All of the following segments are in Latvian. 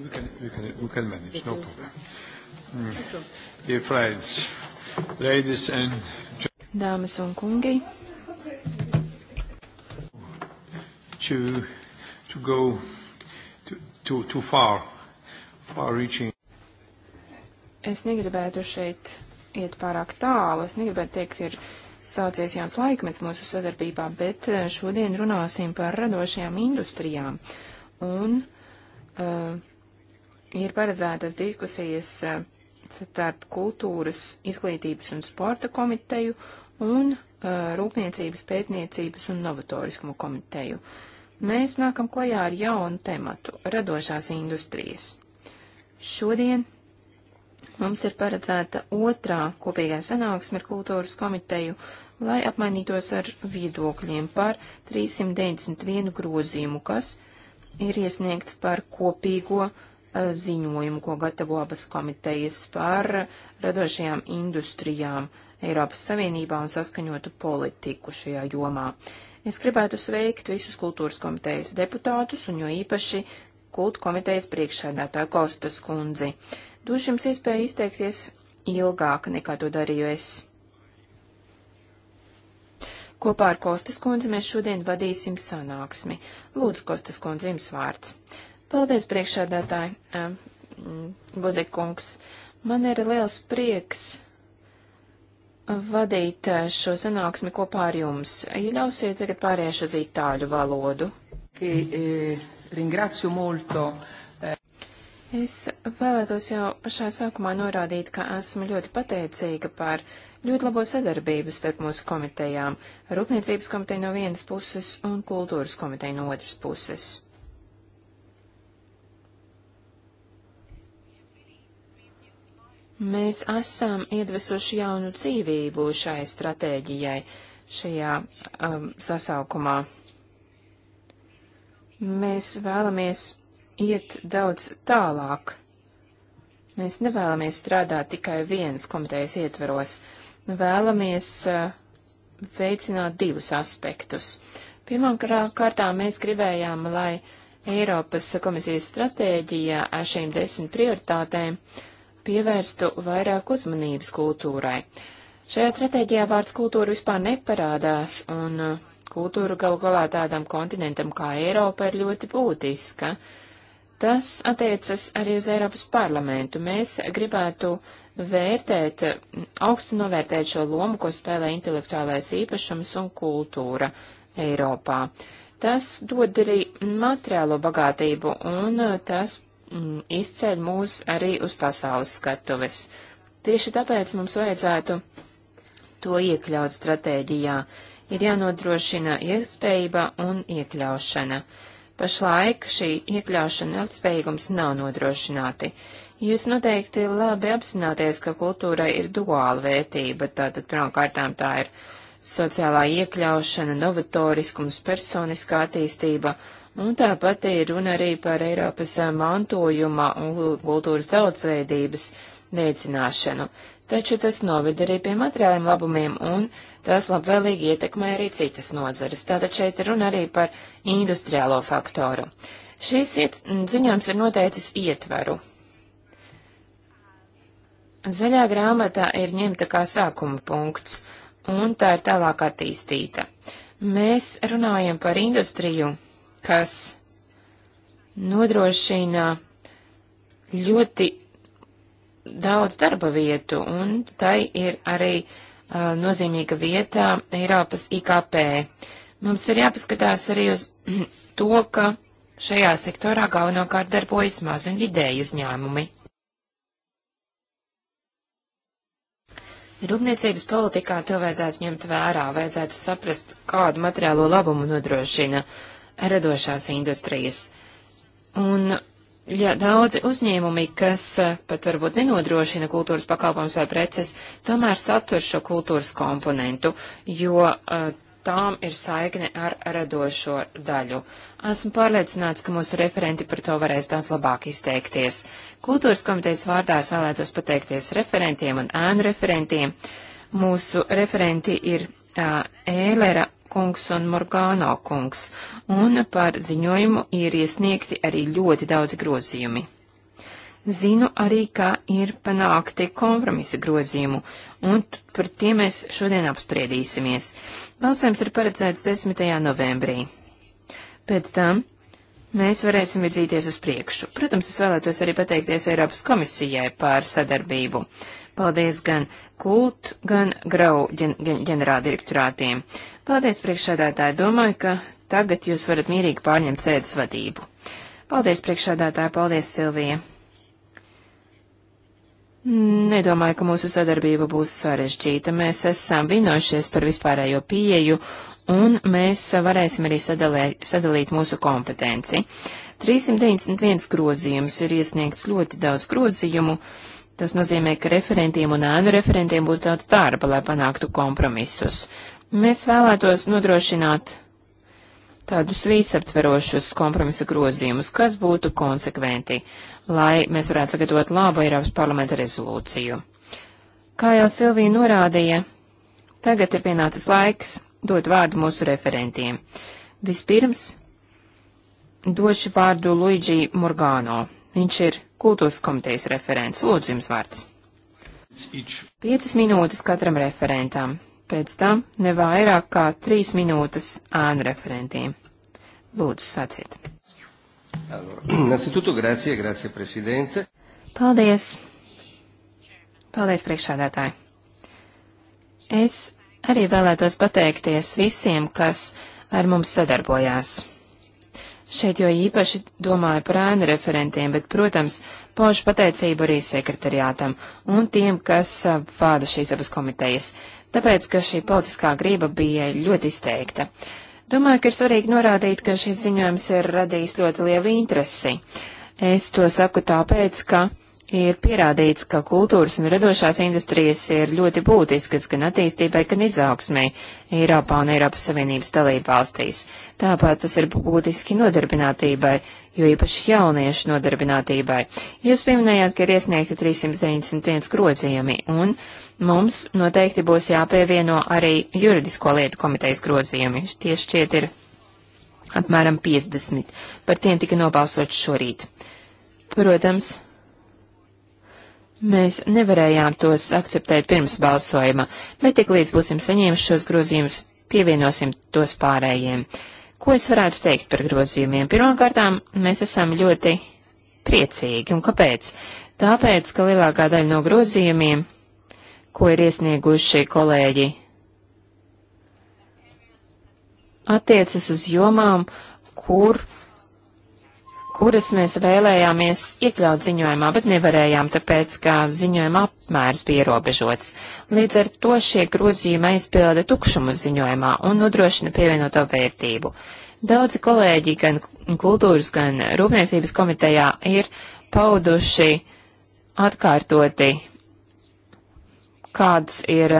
we can, we can, we can manage, no problem. Mm. Dear friends, ladies and Dāmas un kungi. To, to go to, to, too far, far reaching. Es negribētu šeit iet pārāk tālu. Es negribētu teikt, ir sācies jauns laikmets mūsu sadarbībā, bet eh, šodien runāsim par radošajām industrijām. Un uh, ir paredzētas diskusijas eh, starp kultūras, izglītības un sporta komiteju un eh, rūpniecības, pētniecības un novatorismu komiteju. Mēs nākam klajā ar jaunu tematu - radošās industrijas. Šodien mums ir paredzēta otrā kopīgā sanāksme ar kultūras komiteju, lai apmainītos ar viedokļiem par 391 grozījumu, kas ir iesniegts par kopīgo uh, ziņojumu, ko gatavo abas komitejas par radošajām industrijām Eiropas Savienībā un saskaņotu politiku šajā jomā. Es gribētu sveikt visus kultūras komitejas deputātus un jo īpaši kultu komitejas priekšsēdētāju Kostas kundzi. Došu jums iespēju izteikties ilgāk nekā to darīju es. Kopā ar Kostas kundzi mēs šodien vadīsim sanāksmi. Lūdzu, Kostas kundzi, jums vārds. Paldies, priekšādātāji, Buzikungs. Man ir liels prieks vadīt šo sanāksmi kopā ar jums. Ja ļausiet, tagad pāriešu uz itāļu valodu. Es vēlētos jau pašā sākumā norādīt, ka esmu ļoti pateicīga par ļoti labo sadarbību starp mūsu komitejām - Rūpniecības komiteja no vienas puses un Kultūras komiteja no otras puses. Mēs esam iedvesuši jaunu dzīvību šai stratēģijai, šajā um, sasaukumā. Mēs vēlamies iet daudz tālāk. Mēs nevēlamies strādāt tikai vienas komitejas ietveros. Vēlamies uh, veicināt divus aspektus. Pirmkārt, mēs gribējām, lai Eiropas komisijas stratēģija ar šīm desmit prioritātēm uh, pievērstu vairāk uzmanības kultūrai. Šajā stratēģijā vārds kultūra vispār neparādās, un uh, kultūra galu galā tādam kontinentam kā Eiropa ir ļoti būtiska. Tas attiecas arī uz Eiropas parlamentu. Mēs gribētu vērtēt, augstu novērtēt šo lomu, ko spēlē intelektuālais īpašums un kultūra Eiropā. Tas dod arī materiālo bagātību, un uh, tas mm, izceļ mūs arī uz pasaules skatuves. Tieši tāpēc mums vajadzētu to iekļaut stratēģijā. Ir jānodrošina iespējība un iekļaušana. Pašlaik šī iekļaušana un ilgspējīgums nav nodrošināti. Jūs noteikti labi apzināties, ka kultūrai ir duāla vērtība, tātad pirmkārtām tā ir sociālā iekļaušana, novatoriskums, personiskā attīstība Un tāpat ir runa arī par Eiropas mantojuma un kultūras daudzveidības veicināšanu. Taču tas noved arī pie materiāliem labumiem, un tas labvēlīgi ietekmē arī citas nozares. Tātad šeit runa arī par industriālo faktoru. Šīs iet, ziņojums ir noteicis ietveru. Zaļā grāmatā ir ņemta kā sākuma punkts, un tā ir tālāk attīstīta. Mēs runājam par industriju, kas nodrošina ļoti daudz darba vietu, un tai ir arī uh, nozīmīga vieta Eiropas IKP. Mums ir jāpaskatās arī uz to, ka šajā sektorā galvenokārt darbojas maz un vidēji uzņēmumi. Rūpniecības politikā to vajadzētu ņemt vērā, vajadzētu saprast, kādu materiālo labumu nodrošina uh, radošās industrijas. Un ja daudzi uzņēmumi, kas eh, pat varbūt nenodrošina kultūras pakalpojums vai preces, tomēr satur šo kultūras komponentu, jo uh, tām ir saikne ar radošo daļu. Esmu pārliecināts, ka mūsu referenti par to varēs daudz labāk izteikties. Kultūras komitejas vārdā es vēlētos pateikties referentiem un ēnu referentiem. Mūsu referenti ir uh, Ēlera kungs un Morgāno kungs, un par ziņojumu ir iesniegti arī ļoti daudz grozījumi. Zinu arī, ka ir panākti kompromisa grozījumu, un par tiem mēs šodien apspriedīsimies. Balsojums ir paredzēts 10. novembrī. Pēc tam mēs varēsim virzīties uz priekšu. Protams, es vēlētos arī pateikties Eiropas komisijai par sadarbību. Uh, Paldies gan kult, gan grau ģen ģenerāldirektorātiem. Paldies priekšsēdētāji, domāju, ka tagad jūs varat mierīgi pārņemt sēdes vadību. Paldies priekšsēdētāji, paldies Silvija. Nedomāju, ka mūsu sadarbība būs sarežģīta. Mēs esam vienojušies par vispārējo pieeju un mēs varēsim arī sadalē, sadalīt mūsu kompetenci. 391 grozījums ir iesniegts ļoti daudz grozījumu, Tas nozīmē, ka referentiem un ēnu referentiem būs daudz darba, lai panāktu kompromisus. Mēs vēlētos nodrošināt tādus visaptverošus kompromisa grozījumus, kas būtu konsekventi, lai mēs varētu sagatavot labu Eiropas parlamenta rezolūciju. Kā jau Silvija norādīja, tagad ir pienācis laiks dot vārdu mūsu referentiem. Vispirms došu vārdu Luigi Morgano Viņš ir kultūras komitejas referents. Lūdzu, jums vārds. Piecas minūtes katram referentam, pēc tam ne vairāk kā trīs minūtes ēnu referentiem. Lūdzu, saciet. Paldies. Paldies, priekšādātāji. Es arī vēlētos pateikties visiem, kas ar mums sadarbojās. Šeit jo īpaši domāju par ēnu referentiem, bet, protams, paužu pateicību arī sekretariātam un tiem, kas vāda šīs abas komitejas, tāpēc, ka šī politiskā grība bija ļoti izteikta. Domāju, ka ir svarīgi norādīt, ka šis ziņojums ir radījis ļoti lielu interesi. Es to saku tāpēc, ka Ir pierādīts, ka kultūras un radošās industrijas ir ļoti būtiskas gan attīstībai, gan izaugsmai Eiropā un Eiropas Savienības dalību valstīs. Tāpat tas ir būtiski nodarbinātībai, jo īpaši jauniešu nodarbinātībai. Jūs pieminējāt, ka ir iesniegti 391 grozījumi, un mums noteikti būs jāpievieno arī juridisko lietu komitejas grozījumi. Tie šķiet ir apmēram 50. Par tiem tika nobalsots šorīt. Protams, Mēs nevarējām tos akceptēt pirms balsojuma, bet tik līdz būsim saņēmuši šos grozījumus, pievienosim tos pārējiem. Ko es varētu teikt par grozījumiem? Pirmkārtām, mēs esam ļoti priecīgi. Un kāpēc? Tāpēc, ka lielākā daļa no grozījumiem, ko ir iesnieguši kolēģi, attiecas uz jomām, kur uh, kuras mēs vēlējāmies iekļaut ziņojumā, bet nevarējām, tāpēc, ka ziņojuma apmērs bija ierobežots. Līdz ar to šie grozījumi aizpilda tukšumu ziņojumā un nodrošina pievienoto vērtību. Daudzi kolēģi gan kultūras, gan rūpniecības komitejā ir pauduši atkārtoti, kāds ir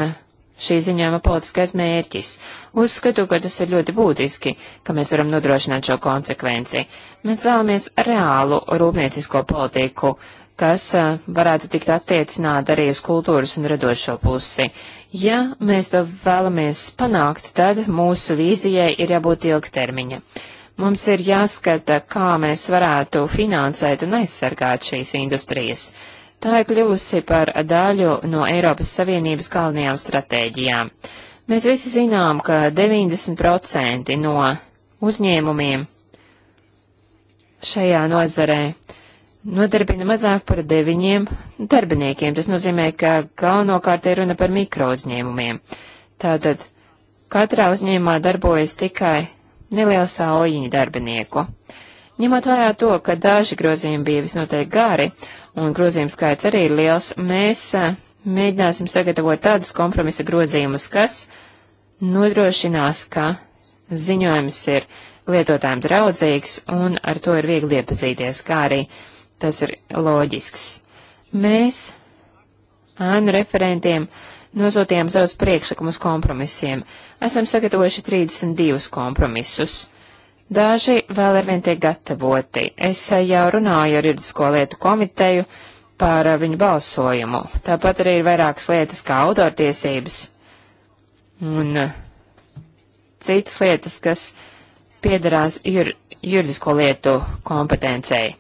šī ziņojuma politiskais mērķis. Uzskatu, ka tas ir ļoti būtiski, ka mēs varam nodrošināt šo konsekvenci. Mēs vēlamies reālu rūpniecisko politiku, kas eh, varētu tikt attiecināta arī uz kultūras un radošo pusi. Ja mēs to vēlamies panākt, tad mūsu vīzijai ir jābūt ilgtermiņa. Mums ir jāskata, kā mēs varētu finansēt un aizsargāt šīs industrijas. Tā ir kļuvusi par daļu no Eiropas Savienības galvenajām stratēģijām. Mēs visi zinām, ka 90% no uzņēmumiem šajā nozarē nodarbina mazāk par deviņiem darbiniekiem. Tas nozīmē, ka galvenokārt ir runa par mikro uzņēmumiem. Tātad katrā uzņēmumā darbojas tikai neliela saujiņa darbinieku. Ņemot vērā to, ka daži grozījumi bija visnotaļ gari un grozījums skaits arī ir liels, mēs mēģināsim sagatavot tādus kompromisa grozījumus, kas nodrošinās, ka ziņojums ir lietotājiem draudzīgs un ar to ir viegli iepazīties, kā arī tas ir loģisks. Mēs ēnu referentiem nosūtījām savus priekšlikumus kompromisiem. Esam sagatavojuši 32 kompromisus. Daži vēl ir vien tiek gatavoti. Es eh, jau runāju ar juridisko lietu komiteju par eh, viņu balsojumu. Tāpat arī ir vairākas lietas kā autortiesības un eh, citas lietas, kas piedarās jur, juridisko lietu kompetencei.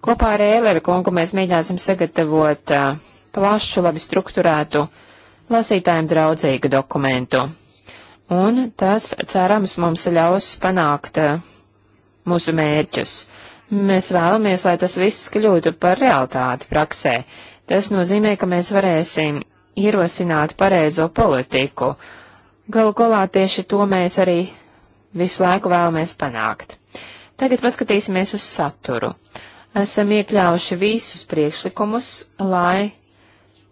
Kopā ar Ēleru kungu mēs mēģināsim sagatavot uh, plašu, labi strukturētu, lasītājiem draudzīgu dokumentu. Un tas, cerams, mums ļaus panākt uh, mūsu mērķus. Mēs vēlamies, lai tas viss kļūtu par realitāti praksē. Tas nozīmē, ka mēs varēsim ierosināt pareizo politiku. Galu galā tieši to mēs arī visu laiku vēlamies panākt. Tagad paskatīsimies uz saturu. Esam iekļāvuši visus priekšlikumus, lai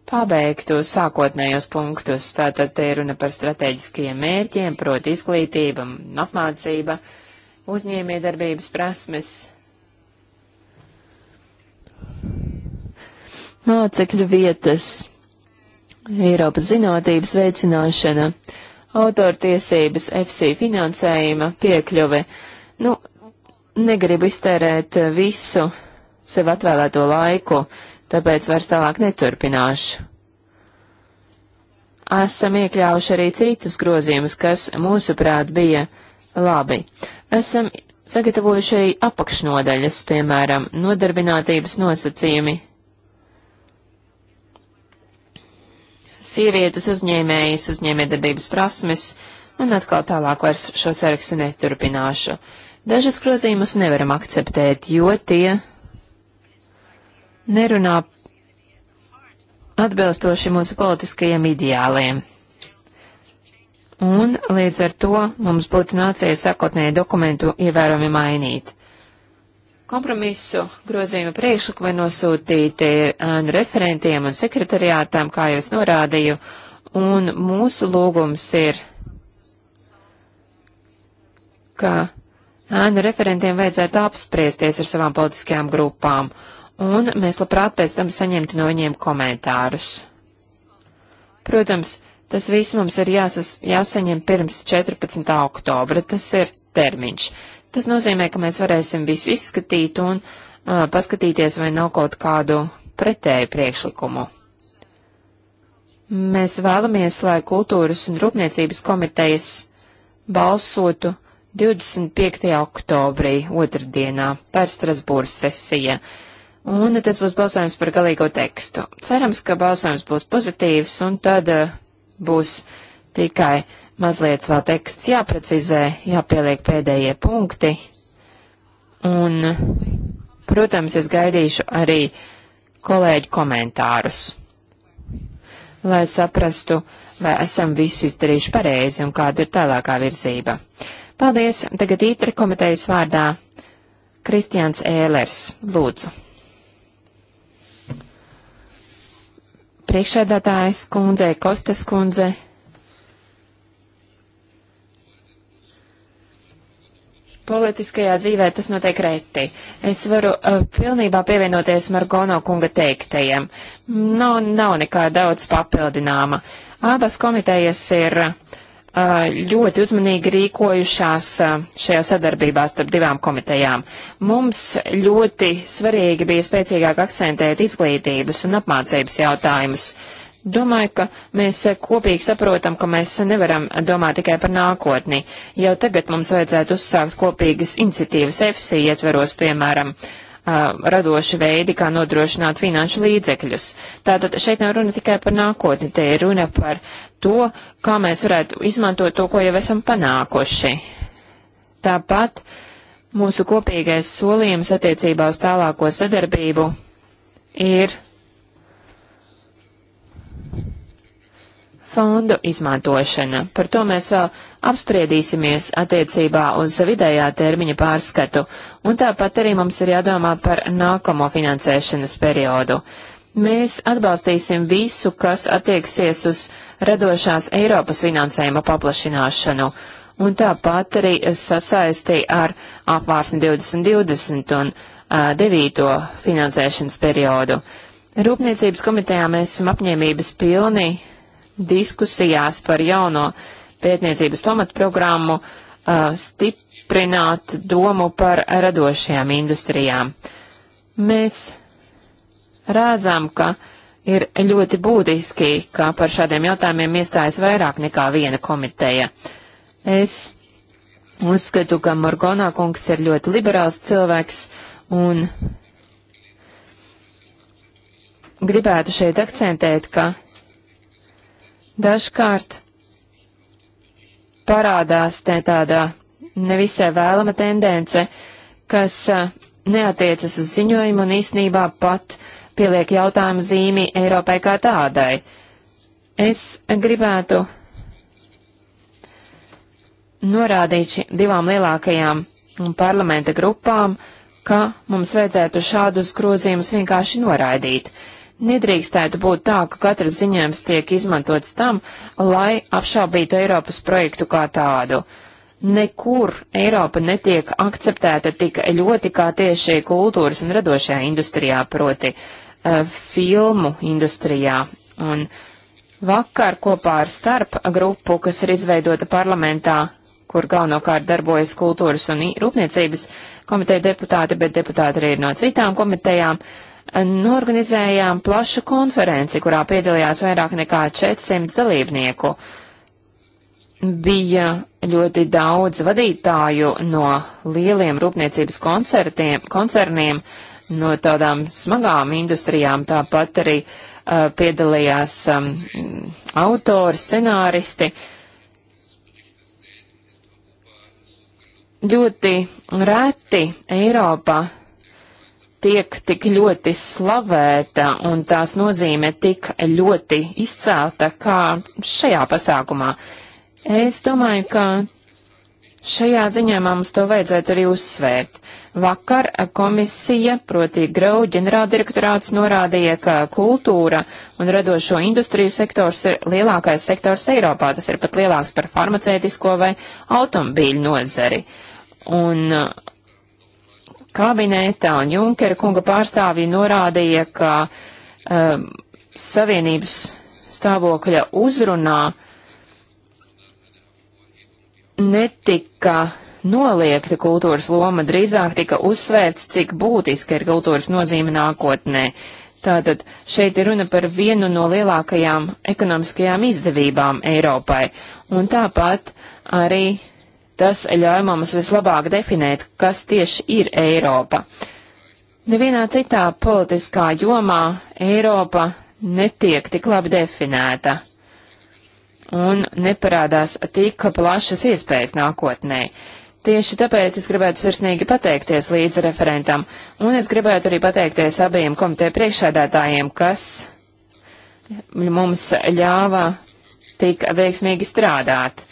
pabeigtu sākotnējos punktus. Tātad te ir runa par strateģiskajiem mērķiem, proti izglītība, apmācība, uh, uzņēmiedarbības prasmes. Mācekļu vietas, Eiropas zinotības veicināšana, autortiesības, FC finansējuma piekļuve. Nu, negribu iztērēt visu sev atvēlēto laiku, tāpēc vairs tālāk neturpināšu. Esam iekļāvuši arī citus grozījumus, kas, mūsuprāt, bija uh, labi. Esam sagatavojuši arī apakšnodaļas, piemēram, nodarbinātības nosacījumi. Sievietes uzņēmējas, uzņēmējdarbības prasmes, un atkal tālāk vairs šo sarakstu neturpināšu. Dažas grozījumus nevaram akceptēt, jo tie nerunā atbilstoši mūsu politiskajiem ideāliem un līdz ar to mums būtu nācies sakotnēji dokumentu ievērojami mainīt. Kompromisu grozījuma priekšlikumi nosūtīti eh, referentiem un sekretariātām, kā jau es norādīju, un mūsu lūgums ir, ka ēnu eh, referentiem vajadzētu apspriesties ar savām politiskajām grupām, un mēs labprāt pēc tam saņemtu no viņiem komentārus. Protams, Tas viss mums ir jāsas, jāsaņem pirms 14. oktobra, tas ir termiņš. Tas nozīmē, ka mēs varēsim visu izskatīt un uh, paskatīties, vai nav kaut kādu pretēju priekšlikumu. Mēs vēlamies, lai kultūras un rūpniecības komitejas balsotu 25. oktobrī, otrdienā, tā ir Strasbūras sesija, un tas būs balsojums par galīgo tekstu. Cerams, ka balsojums būs pozitīvs, un tad uh, būs tikai mazliet vēl teksts jāprecizē, jāpieliek pēdējie punkti. Un, protams, es gaidīšu arī kolēģu komentārus, lai saprastu, vai esam visu izdarījuši pareizi un kāda ir tālākā virzība. Paldies! Tagad ītri komitejas vārdā Kristians Ēlers. Lūdzu! priekšēdātājs kundzei, Kostas kundzei. Politiskajā dzīvē tas notiek reti. Es varu uh, pilnībā pievienoties Margono kunga teiktajam. Nav, nu, nav nekā daudz papildināma. Abas komitejas ir uh, Eh, ļoti uzmanīgi rīkojušās eh, šajā sadarbībā starp divām komitejām. Mums ļoti svarīgi bija spēcīgāk akcentēt izglītības un apmācības jautājumus. Domāju, ka mēs kopīgi saprotam, ka mēs nevaram domāt tikai par nākotni. Jau tagad mums vajadzētu uzsākt kopīgas iniciatīvas EFSI ietveros, piemēram, uh, radoši veidi, kā nodrošināt finanšu līdzekļus. Tātad šeit nav runa tikai par nākotni, te ir runa par to, kā mēs varētu izmantot to, ko jau esam panākuši. Tāpat mūsu kopīgais solījums attiecībā uz tālāko sadarbību ir fondu izmantošana. Par to mēs vēl apspriedīsimies attiecībā uz vidējā termiņa pārskatu, un tāpat arī mums ir jādomā par nākamo finansēšanas periodu. Mēs atbalstīsim visu, kas attieksies uz radošās Eiropas finansējuma paplašināšanu, un tāpat arī sasaisti ar apvārsni 2020 un uh, 9. finansēšanas periodu. Rūpniecības komitejā mēs esam apņēmības pilni diskusijās par jauno pētniecības pamatprogrammu uh, stiprināt domu par radošajām industrijām. Mēs redzam, ka ir ļoti būtiski, ka par šādiem jautājumiem iestājas vairāk nekā viena komiteja. Es uzskatu, ka Morgonā kungs ir ļoti liberāls cilvēks un gribētu šeit akcentēt, ka Dažkārt parādās te tādā nevisai vēlama tendence, kas neatiecas uz ziņojumu un īsnībā pat pieliek jautājumu zīmi Eiropai kā tādai. Es gribētu norādīt divām lielākajām parlamenta grupām, ka mums vajadzētu šādus grozījumus vienkārši noraidīt. Nedrīkstētu būt tā, ka katrs ziņojums tiek izmantots tam, lai apšaubītu Eiropas projektu kā tādu. Nekur Eiropa netiek akceptēta tik ļoti kā tieši kultūras un radošajā industrijā, proti uh, filmu industrijā. Un vakar kopā ar starp grupu, kas ir izveidota parlamentā, kur galvenokārt darbojas kultūras un rūpniecības komiteja deputāti, bet deputāti arī ir no citām komitejām. Uh, norganizējām plašu konferenci, kurā piedalījās vairāk nekā 400 dalībnieku. Bija ļoti daudz vadītāju no lieliem rūpniecības koncerniem, no tādām smagām industrijām, tāpat arī uh, piedalījās um, autori, scenāristi. Ļoti reti Eiropa tiek tik ļoti slavēta un tās nozīme tik ļoti izcelta kā šajā pasākumā. Es domāju, ka šajā ziņā mums to vajadzētu arī uzsvērt. Vakar komisija, proti Grau ģenerāldirektorāts, norādīja, ka kultūra un radošo industriju sektors ir lielākais sektors Eiropā. Tas ir pat lielāks par farmacētisko vai automobīļu nozari. Un kabinetā un Junkera kunga pārstāvji norādīja, ka um, savienības stāvokļa uzrunā netika noliekta kultūras loma, drīzāk tika uzsvērts, cik būtiska ir kultūras nozīme nākotnē. Tātad šeit ir runa par vienu no lielākajām ekonomiskajām izdevībām Eiropai, un tāpat arī Tas ļauj mums vislabāk definēt, kas tieši ir Eiropa. Nevienā citā politiskā jomā Eiropa netiek tik labi definēta un neparādās tik plašas iespējas nākotnē. Tieši tāpēc es gribētu sirsnīgi pateikties līdz referentam, un es gribētu arī pateikties abiem komiteja priekšsēdētājiem, kas mums ļāva tik veiksmīgi strādāt.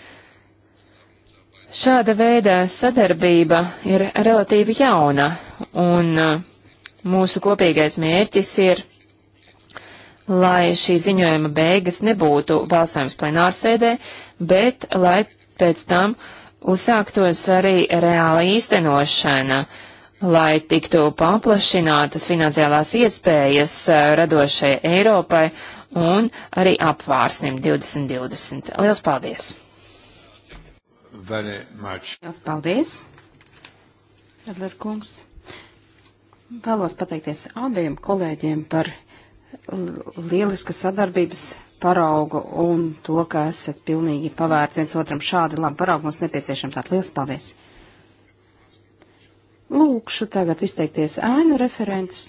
Šāda veida sadarbība ir relatīvi jauna, un uh, mūsu kopīgais mērķis ir, lai šī ziņojuma beigas nebūtu balsojums plenārsēdē, bet lai pēc tam uzsāktos arī reāla īstenošana, lai tiktu paplašinātas finansiālās iespējas uh, radošai Eiropai un arī apvārsnim 2020. Lielas paldies! very much. Jās paldies, Edler kungs. Vēlos pateikties abiem kolēģiem par lieliskas sadarbības paraugu un to, ka esat pilnīgi pavērti viens otram šādi labi paraugu. Mums nepieciešams tāds liels paldies. Lūkšu tagad izteikties ēnu referentus.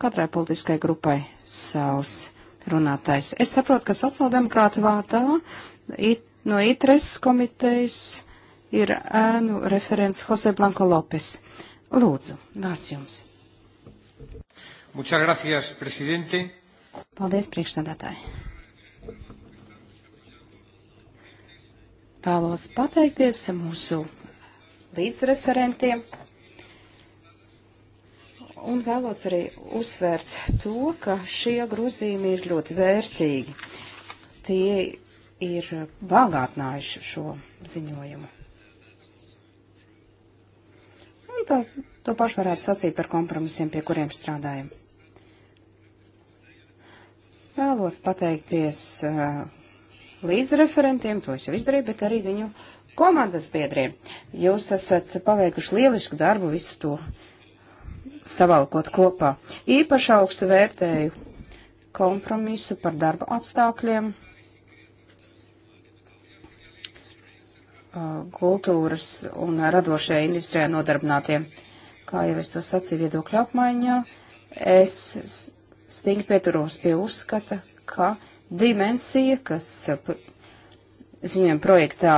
Katrai politiskai grupai savs runātājs. Es saprotu, ka sociāldemokrāta vārdā it No ITRES komitejas ir ēnu referents Jose Blanko Lopes. Lūdzu, vārds jums. Muchas gracias, presidente. Paldies, priekšsēdētāji. Vēlos pateikties mūsu līdzreferentiem un vēlos arī uzsvērt to, ka šie grozījumi ir ļoti vērtīgi. Tie ir bagātinājuši šo ziņojumu. Un to, to pašu varētu sacīt par kompromisiem, pie kuriem strādājam. Vēlos pateikties uh, līdzreferentiem, to es jau izdarīju, bet arī viņu komandas biedriem. Jūs esat paveikuši lielisku darbu visu to savalkot kopā. Īpaši augstu vērtēju kompromisu par darba apstākļiem kultūras un radošajā industrijā nodarbinātiem. Kā jau es to sacīju viedokļu apmaiņā, es stingri pieturos pie uzskata, ka dimensija, kas ziņojuma projektā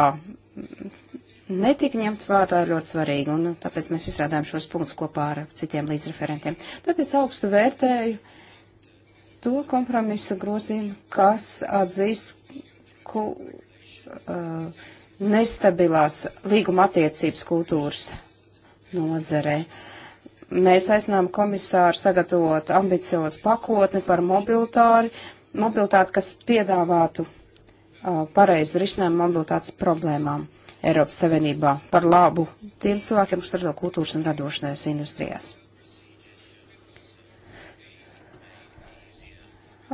netika ņemt vērā, ir ļoti svarīga, un nu, tāpēc mēs izrādājam šos punktus kopā ar citiem līdzreferentiem. Tāpēc augstu vērtēju to kompromisu grozījumu, kas atzīst, ku, uh, nestabilās līguma attiecības kultūras nozarē. Mēs aicinām komisāru sagatavot ambiciozu pakotni par mobilitāri, mobilitāti, kas piedāvātu uh, pareizu risinājumu mobilitātes problēmām Eiropas Savienībā par labu tiem cilvēkiem, kas strādā kultūras un radošanās industrijās.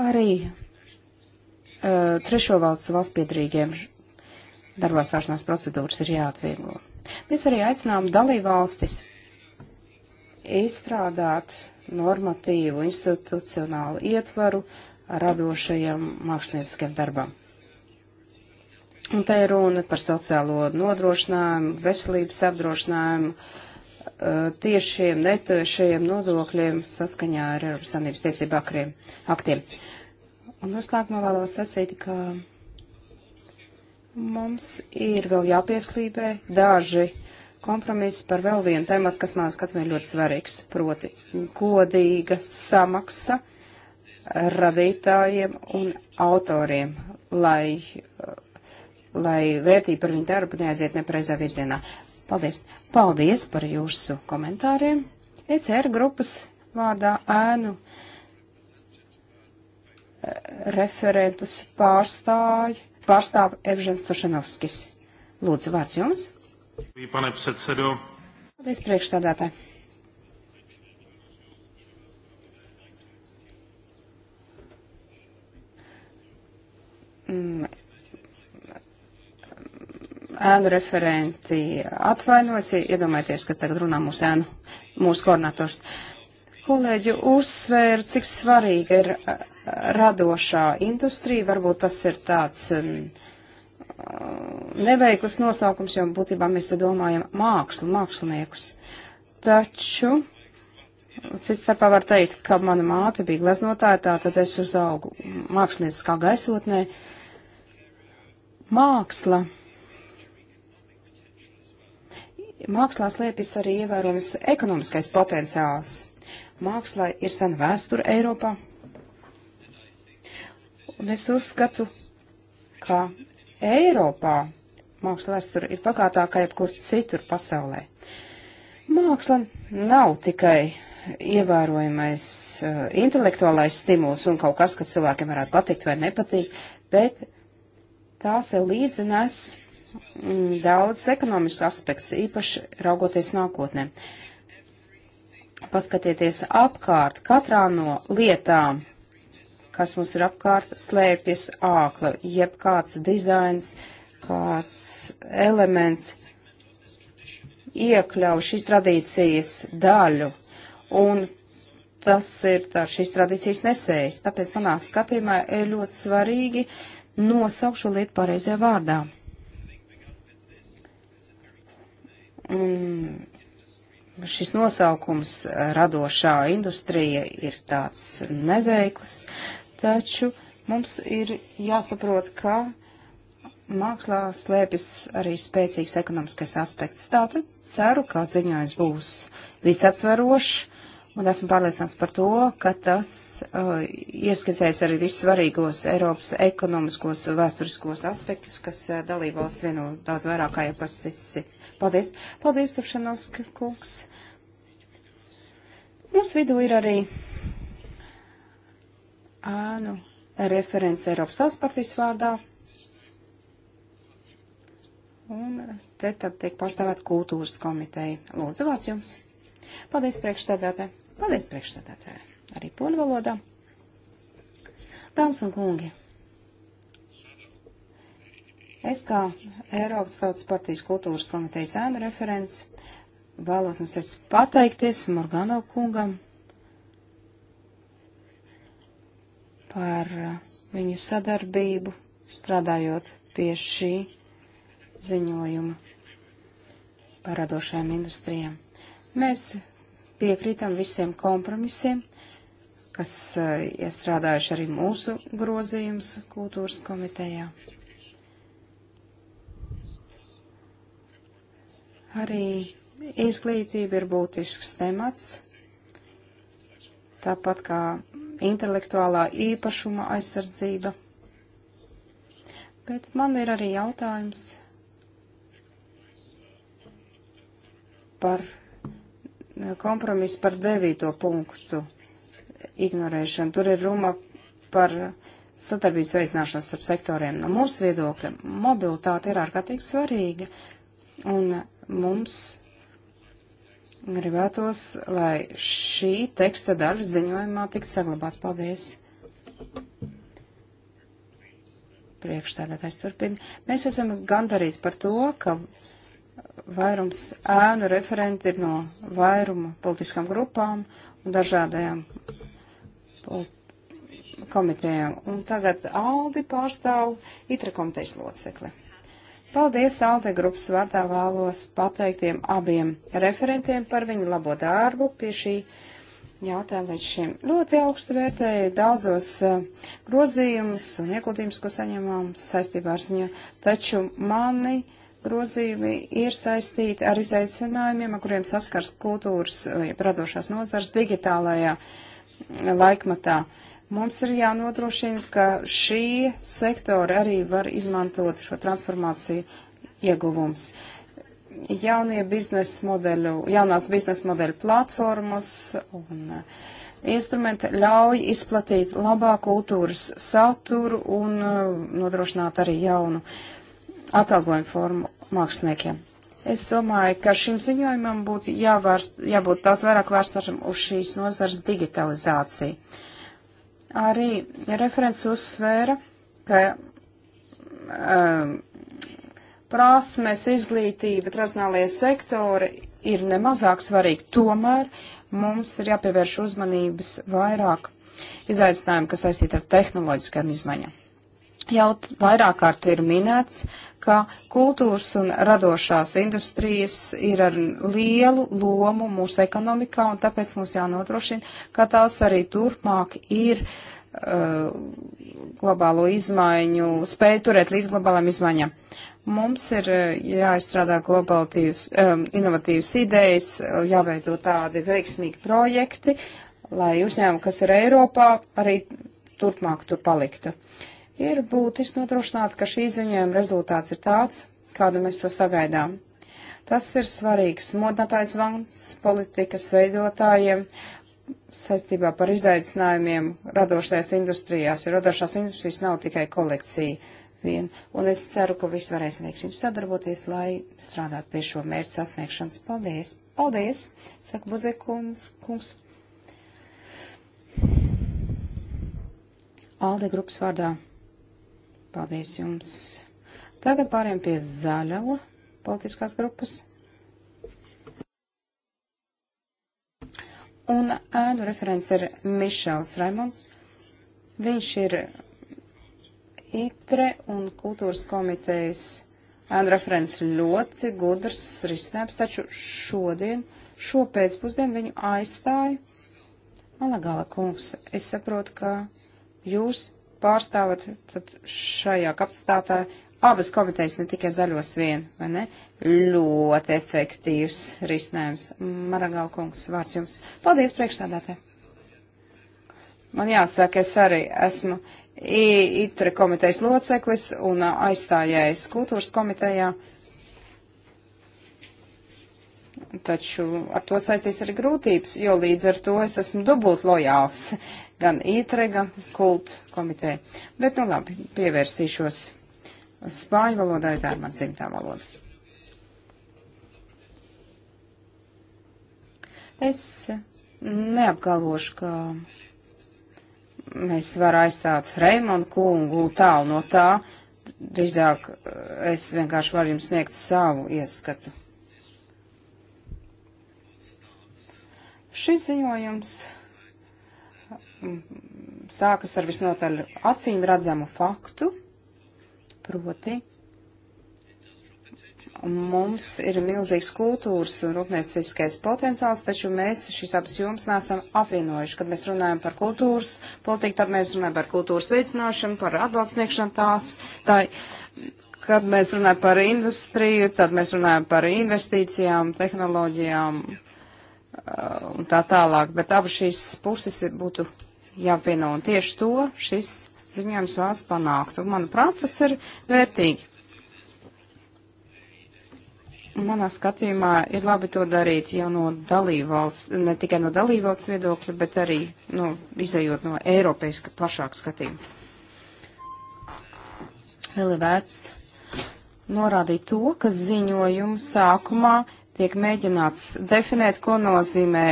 Arī uh, trešo valsts valstspiedrīgiem darbā stāšanās procedūras ir jāatvieglo. Mēs arī aicinām dalībvalstis izstrādāt normatīvu institucionālu ietvaru radošajam mākslinieckiem darbam. Un te ir runa par sociālo nodrošinājumu, veselības apdrošinājumu, eh, tiešiem, netiešiem nodokļiem saskaņā ar Eiropas Sanības tiesību aktiem. Un noslēgumā vēlos sacīt, ka Mums ir vēl jāpieslībē daži kompromiss par vēl vienu tematu, kas man skatījumā ir ļoti svarīgs, proti godīga samaksa radītājiem un autoriem, lai, lai vērtība par viņu darbu neaiziet nepreizā virzienā. Paldies! Paldies par jūsu komentāriem! ECR grupas vārdā ēnu referentus pārstāju pārstāv Evžens Tošanovskis. Lūdzu, vārds jums. Paldies, priekšstādātāji. Mm ēnu referenti atvainojas, iedomājieties, kas tagad runā mūsu ēnu, mūsu koordinators. Kolēģi uzsvēra, cik svarīga ir radošā industrija, varbūt tas ir tāds um, neveiklas nosaukums, jo būtībā mēs te domājam mākslu, māksliniekus. Taču, cits starpā var teikt, ka mana māte bija gleznotāja, tā tad es uzaugu mākslinieckā gaisotnē. Māksla. Mākslā slēpjas arī ievērojams ekonomiskais potenciāls. Mākslā ir sena vēsture Eiropā, Un es uzskatu, ka Eiropā māksla vēsture ir bagātākā jebkur citur pasaulē. Māksla nav tikai ievērojamais uh, intelektuālais stimuls un kaut kas, kas cilvēkiem varētu patikt vai nepatīk, bet tās ir līdzinās mm, daudz ekonomisks aspekts, īpaši raugoties nākotnē. Paskatieties apkārt, katrā no lietām kas mums ir apkārt, slēpjas ākla, jeb kāds dizains, kāds elements iekļauj šīs tradīcijas daļu. Un tas ir tā, šīs tradīcijas nesējis. Tāpēc manā skatījumā ir ļoti svarīgi nosaukt šo lietu pareizajā vārdā. Un šis nosaukums radošā industrija ir tāds neveikls, Taču mums ir jāsaprot, ka mākslā slēpjas arī spēcīgs ekonomiskais aspekts. Tātad ceru, ka ziņojums būs visaptverošs, un esmu pārliecināts par to, ka tas uh, ieskicēs arī vissvarīgos Eiropas ekonomiskos vēsturiskos aspektus, kas uh, dalībvalsts vieno daudz vairāk kā jau pasisi. Paldies! Paldies, Tupšanovska kungs! Mūsu vidū ir arī ēnu referents Eiropas Tautas partijas vārdā. Un te tad tiek pārstāvēt kultūras komiteja. Lūdzu, vārds jums. Paldies priekšsēdētāji. Paldies priekšsēdētāji. Arī poļu valodā. Dāmas un kungi. Es kā Eiropas Tautas partijas kultūras komitejas ēnu referents vēlos jums pateikties Morgano kungam par uh, viņu sadarbību, strādājot pie šī ziņojuma par radošajām industrijām. Mēs piekrītam visiem kompromisiem, kas uh, iestrādājuši arī mūsu grozījums kultūras komitejā. Arī izglītība ir būtisks temats, tāpat kā intelektuālā īpašuma aizsardzība. Bet man ir arī jautājums par eh, kompromisu par devīto punktu ignorēšanu. Tur ir runa par sadarbības veicināšanu starp sektoriem. No mūsu viedokļa mobilitāte ir ārkārtīgi svarīga, un mums Gribētos, lai šī teksta daļa ziņojumā tiks saglabāta. Paldies! Priekšstādātājs turpina. Mēs esam gandarīti par to, ka vairums ēnu referenti ir no vairuma politiskām grupām un dažādajām komitejām. Un tagad Aldi pārstāv Itra komitejas locekli. Paldies, Alde grupas vārdā vēlos pateiktiem abiem referentiem par viņu labo darbu pie šī jautājuma līdz šim. Ļoti augstu vērtēju daudzos eh, grozījumus un ieguldījumus, ko saņemām saistībā ar ziņu, taču mani grozījumi ir saistīti ar izaicinājumiem, ar kuriem saskars kultūras vai radošās nozars digitālajā laikmatā. Uh, Mums ir jānodrošina, ka šī sektora arī var izmantot šo transformāciju ieguvums. Jaunie biznesa modeļu, jaunās biznesa modeļu platformas un uh, instrumenti ļauj izplatīt labā kultūras saturu un uh, nodrošināt arī jaunu atalgojumu formu māksliniekiem. Es domāju, ka šim ziņojumam būtu jāvērst, jābūt daudz vairāk vērstam uz šīs nozars digitalizāciju. Arī referents uzsvēra, ka um, prasmes, izglītība, tradicionālie sektori ir nemazāk svarīgi. Tomēr mums ir jāpievērš uzmanības vairāk izaicinājumu, kas saistīta ar tehnoloģiskām izmaiņām. Jau vairāk kārt ir minēts, ka kultūras un radošās industrijas ir ar lielu lomu mūsu ekonomikā, un tāpēc mums jānodrošina, ka tās arī turpmāk ir uh, globālo izmaiņu, spēja turēt līdz globālām izmaiņām. Mums ir uh, jāizstrādā globālatīvas, um, inovatīvas idejas, jāveido tādi veiksmīgi projekti, lai uzņēmumi, kas ir Eiropā, arī turpmāk tur paliktu. Uh, Ir būtiski nodrošināt, ka šī ziņojuma rezultāts ir tāds, kādu mēs to sagaidām. Tas ir svarīgs modinātājs vans politikas veidotājiem saistībā par izaicinājumiem radošajās industrijās, jo radošās industrijas nav tikai kolekcija vien. Un es ceru, ka visi varēs veiksim sadarboties, lai strādātu pie šo mērķu sasniegšanas. Paldies! Paldies! Saka Buzekunds kungs. Alde grupas vārdā. Paldies jums. Tagad pāriem pie zaļo politiskās grupas. Un ēnu referents ir Mišels Raimons. Viņš ir ITRE un kultūras komitejas ēnu referents ļoti gudrs risinājums, taču šodien, šo pēcpusdienu viņu aizstāju. Malagala kungs, es saprotu, ka jūs pārstāvat tad šajā kapacitātē abas komitejas, ne tikai zaļos vien, vai ne? Ļoti efektīvs risinājums. Maragal kungs, vārds jums. Paldies, priekšstādātē. Man jāsaka, es arī esmu ITRE komitejas loceklis un aizstājējis kultūras komitejā. Uh, taču ar to saistīs arī grūtības, jo līdz ar to es esmu dubult lojāls gan ITRE, gan KULT komitē. Bet, nu labi, pievērsīšos spāņu valodai, tā ir man dzimtā valoda. Es neapgalvošu, ka es varu aizstāt Reimondu kungu tālu no tā, drīzāk es vienkārši varu jums sniegt savu ieskatu Šis ziņojums mm, sākas ar visnotaļ acīm redzamu faktu, proti mums ir milzīgs kultūras un rūpnieciskais potenciāls, taču mēs šīs abas jomas nesam apvienojuši. Kad mēs runājam par kultūras politiku, tad mēs runājam par kultūras veicināšanu, par atbalstniekšanu tās. Tā, kad mēs runājam par industriju, tad mēs runājam par investīcijām, tehnoloģijām, Uh, un tā tālāk, bet abas šīs puses būtu jāpieno, un tieši to šis ziņojums vēlas panākt, un manuprāt, tas ir vērtīgi. Manā skatījumā ir labi to darīt jau no dalībvalsts, ne tikai no dalībvalsts viedokļa, bet arī no, nu, izējot no Eiropiešu plašāku skatījumu. Vēl ir vērts norādīt to, ka ziņojuma sākumā tiek mēģināts definēt, ko nozīmē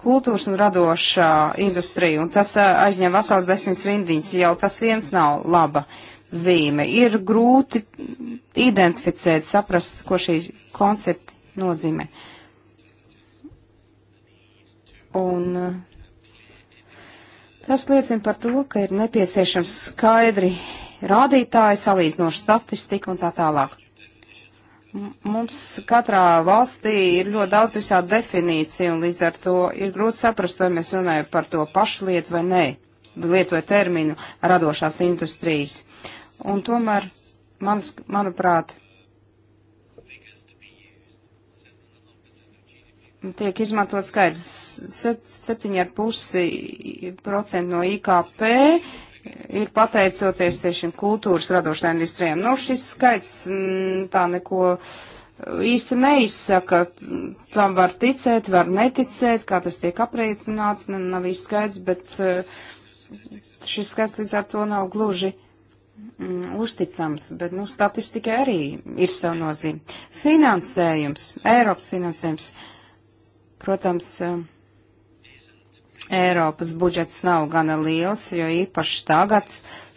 kultūras un radošā industrija, un tas aizņem vesels desmit rindiņas, jau tas viens nav laba zīme. Ir grūti identificēt, saprast, ko šī koncepta nozīmē. Un tas liecina par to, ka ir nepieciešams skaidri rādītāji, salīdzinoši statistika un tā tālāk. Mums katrā valstī ir ļoti daudz visādi definīciju, un līdz ar to ir grūti saprast, vai mēs runājam par to pašu lietu vai nē, lietu vai terminu radošās industrijas. Un tomēr, manas, manuprāt, tiek izmantot skaidrs 7,5% no IKP ir pateicoties tiešām kultūras radošām industrijām. Nu, šis skaits mm, tā neko uh, īsti neizsaka. Tam var ticēt, var neticēt, kā tas tiek apreicināts, nu, nav īsti skaits, bet uh, šis skaits līdz ar to nav gluži mm, uzticams, bet, nu, statistika arī ir savu nozīmi. Finansējums, Eiropas finansējums, protams, uh, Eiropas budžets nav gana liels, jo īpaši tagad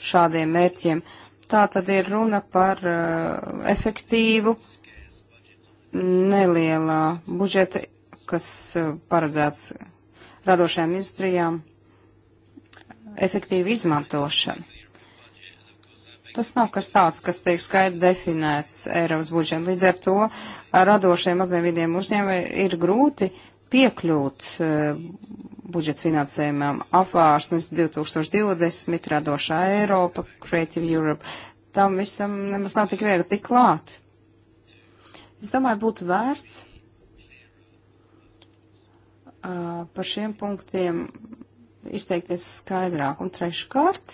šādiem mērķiem. Tā tad ir runa par uh, efektīvu nelielā budžeta, kas uh, paredzēts radošajām industrijām, efektīvu izmantošanu. Tas nav kas tāds, kas tiek skaidri definēts Eiropas budžetā. Līdz ar to radošiem maziem vidiem uzņēmējiem ir grūti uh, piekļūt eh, budžeta finansējumam apvārsnes 2020, radošā Eiropa, Creative Europe. Tam visam nemaz nav tik viegli tik klāt. Es domāju, būtu vērts uh, par šiem punktiem izteikties skaidrāk. Un treškārt,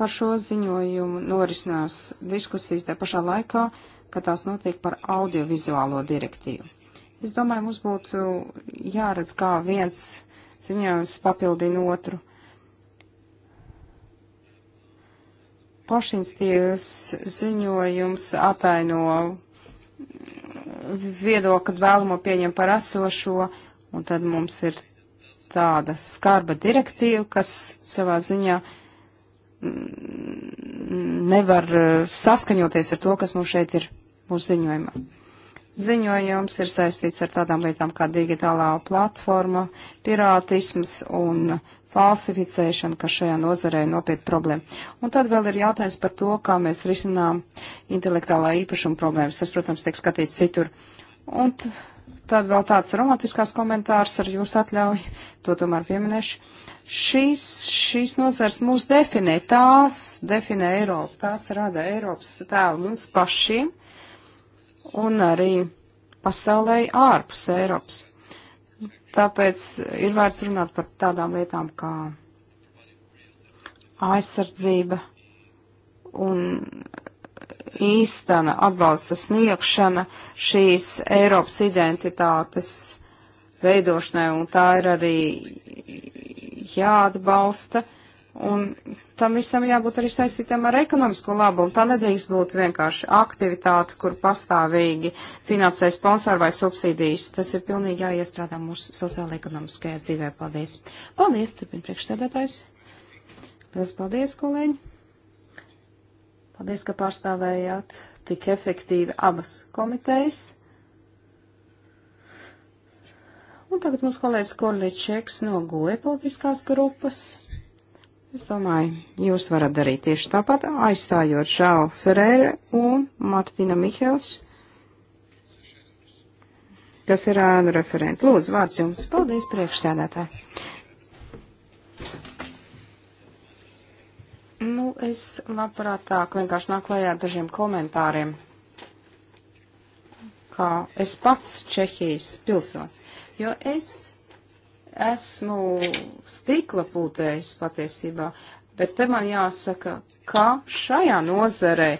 par šo ziņojumu norisinās diskusijas tā pašā laikā. Uh, ka tās notiek par audiovizuālo direktīvu. Es domāju, mums būtu jāredz, kā viens ziņojums papildina otru. Plašinstīvas ziņojums ataino viedokli vēlamo pieņem par esošo, un tad mums ir tāda skarba direktīva, kas savā ziņā nevar eh, saskaņoties ar to, kas mums šeit ir mūsu ziņojumā. Ziņojums ir saistīts ar tādām lietām kā digitālā platforma, pirātisms un falsificēšana, kas šajā nozarē ir nopietna problēma. Un tad vēl ir jautājums par to, kā mēs risinām intelektuālā īpašuma problēmas. Tas, protams, tiek skatīts citur. Un tad vēl tāds romantiskās komentārs ar jūsu atļauju, to tomēr pieminēšu. Šīs, šīs nozars mūs definē, tās definē Eiropu, tās rada Eiropas tēlu mums pašiem un arī pasaulē ārpus Eiropas. Tāpēc ir vērts runāt par tādām lietām kā aizsardzība un īstana atbalsta sniegšana šīs Eiropas identitātes veidošanai, un tā ir arī jāatbalsta. Uh, Un tam visam jābūt arī saistītam ar ekonomisko labumu. Tā nedrīkst būt vienkārši aktivitāte, kur pastāvīgi finansē sponsori vai subsīdijas. Tas ir pilnīgi jāiestrādā mūsu sociāla-ekonomiskajā dzīvē. Paldies! Paldies, turpin priekšstādātājs! Lielas paldies, kolēģi! Paldies, ka pārstāvējāt tik efektīvi abas komitejas. Un tagad mums kolēģis Korličeks no Goja politiskās grupas. Es domāju, jūs varat darīt tieši tāpat, aizstājot Žāvu Ferēru un Martina Mihels, kas ir ēnu referenti. Lūdzu, vārds jums. Paldies, priekšsēdētāji. Nu, es labprāt tāk vienkārši nāk klajā dažiem komentāriem, kā es pats Čehijas pilsonis, jo es esmu stikla pūtējs patiesībā, bet te man jāsaka, ka šajā nozarē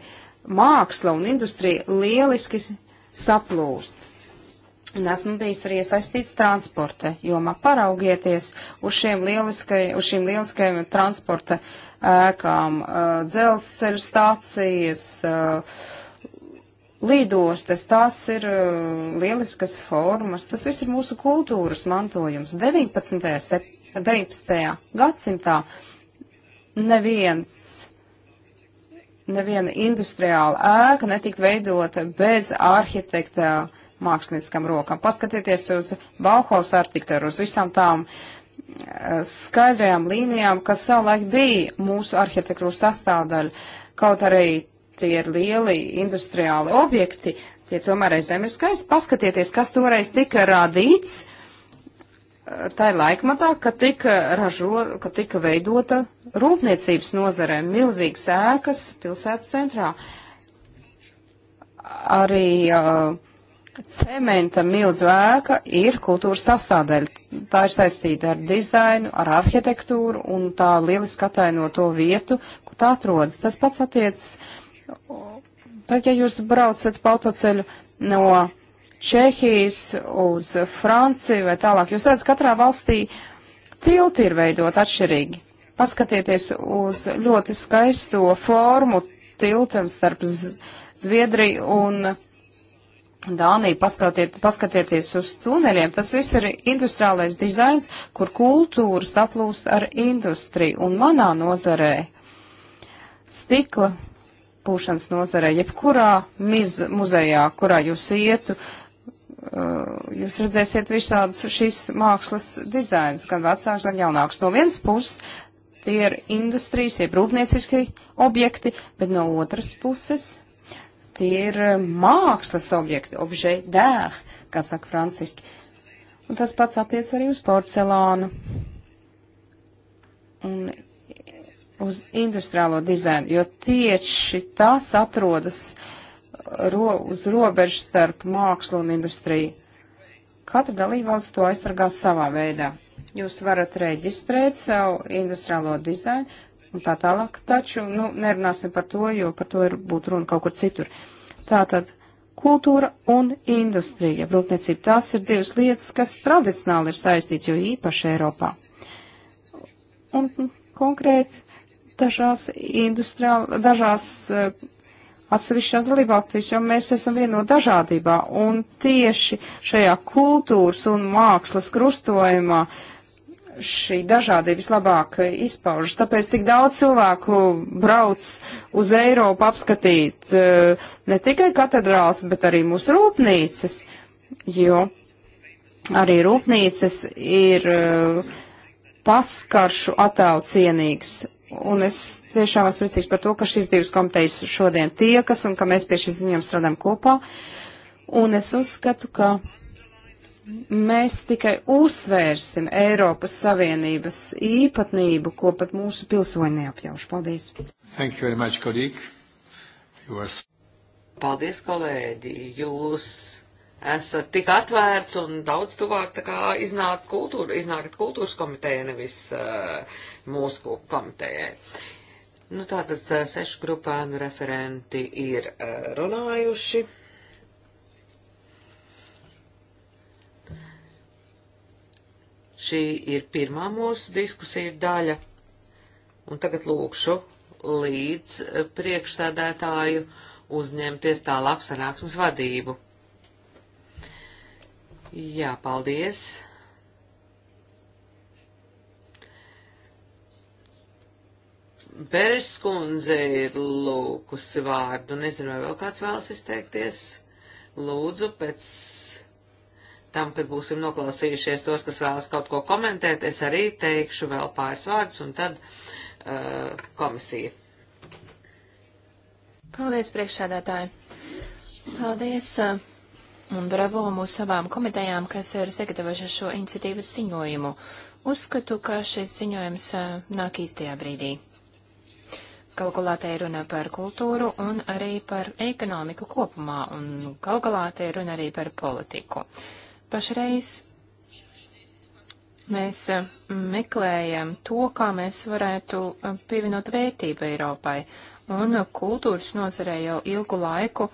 māksla un industrija lieliski saplūst. Un esmu bijis arī iesaistīts transporta jomā. Paraugieties uz, lieliskaj, uz šīm lieliskajām transporta ēkām, dzelzceļa stācijas, uh, lidostas, tās ir uh, lieliskas formas, tas viss ir mūsu kultūras mantojums. 19. 19. gadsimtā neviens, neviena industriāla ēka netika veidota bez arhitekta mākslinieckam rokam. Paskatieties uz Bauhaus arhitektūru, uz visām tām uh, skaidrajām līnijām, kas savulaik bija mūsu arhitektūras sastāvdaļa, kaut arī tie ir lieli industriāli objekti, tie tomēr reizēm ir skaisti. Paskatieties, kas toreiz tika radīts eh, tajā laikmatā, kad tika, ražo, kad tika veidota rūpniecības nozarē milzīgas ēkas pilsētas centrā. Arī uh, cementa milzu ēka ir kultūras sastāvdaļa. Tā ir saistīta ar dizainu, ar arhitektūru un tā lieliski ataino to vietu, kur tā atrodas. Tas pats attiecas Tad, ja jūs braucat pa autoceļu no Čehijas uz Franciju vai tālāk, jūs redzat, katrā valstī tilti ir veidot atšķirīgi. Paskatieties uz ļoti skaisto formu tiltam starp Zviedriju un Dāniju. Paskatiet, paskatieties uz tuneļiem. Tas viss ir industriālais dizains, kur kultūras aplūst ar industriju. Un manā nozarē stikla pūšanas nozarē, jebkurā miz, muzejā, kurā jūs ietu, uh, jūs redzēsiet visādus šīs mākslas dizainus, gan vecāks, gan jaunāks. No vienas puses tie ir industrijas, jeb rūpnieciski objekti, bet no otras puses tie ir uh, mākslas objekti, obžē dēh, kā saka franciski. Un tas pats attiec arī uz porcelānu. Un uz industriālo dizainu, jo tieši tās atrodas uh, ro uz robežas starp mākslu un industriju. Katra dalībvalsts to aizsargās savā veidā. Jūs varat reģistrēt savu industriālo dizainu un tā tālāk, taču nu, nerunāsim par to, jo par to ir būtu runa kaut kur citur. Tātad kultūra un industrija, rūpniecība, tās ir divas lietas, kas tradicionāli ir saistīts, jo īpaši Eiropā. Un konkrēti dažās industriāli, dažās eh, atsevišķās dalībvalstīs, jo mēs esam vieno dažādībā, un tieši šajā kultūras un mākslas krustojumā šī dažādība vislabāk izpaužas. Tāpēc tik daudz cilvēku brauc uz Eiropu apskatīt eh, ne tikai katedrāls, bet arī mūsu rūpnīcas, jo arī rūpnīcas ir eh, paskaršu attēlu cienīgs Un es tiešām esmu priecīgs par to, ka šīs divas komitejas šodien tiekas un ka mēs pie šī ziņām strādājam kopā. Un es uzskatu, ka mēs tikai uzsvērsim Eiropas Savienības īpatnību, ko pat mūsu pilsoņi neapjauš. Paldies! Thank you very much, colleague. You are... Paldies, kolēģi! Jūs esat tik atvērts un daudz tuvāk tā kā iznāk kultūra, iznākat kultūras komiteja, nevis uh, mūsu komitejai. Nu, tātad eh, sešu grupānu referenti ir eh, runājuši. Šī ir pirmā mūsu diskusija daļa, un tagad lūkšu līdz eh, priekšsēdētāju uzņemties tālāk sanāksmes vadību. Jā, paldies. Beres kundze ir lūkusi vārdu. Nezinu, vai vēl kāds vēlas izteikties. Lūdzu, pēc tam, kad būsim noklausījušies tos, kas vēlas kaut ko komentēt, es arī teikšu vēl pāris vārdus un tad uh, komisija. Paldies, priekšsēdētāji. Paldies uh, un bravo mūsu abām komitejām, kas ir sagatavojuši šo iniciatīvas ziņojumu. Uzskatu, ka šis ziņojums uh, nāk īstajā brīdī. Galu galā te ir runa par kultūru un arī par ekonomiku kopumā, un galu galā te ir runa arī par politiku. Pašreiz mēs eh, meklējam to, kā mēs varētu eh, pievienot vērtību Eiropai, un kultūras nozarē jau ilgu laiku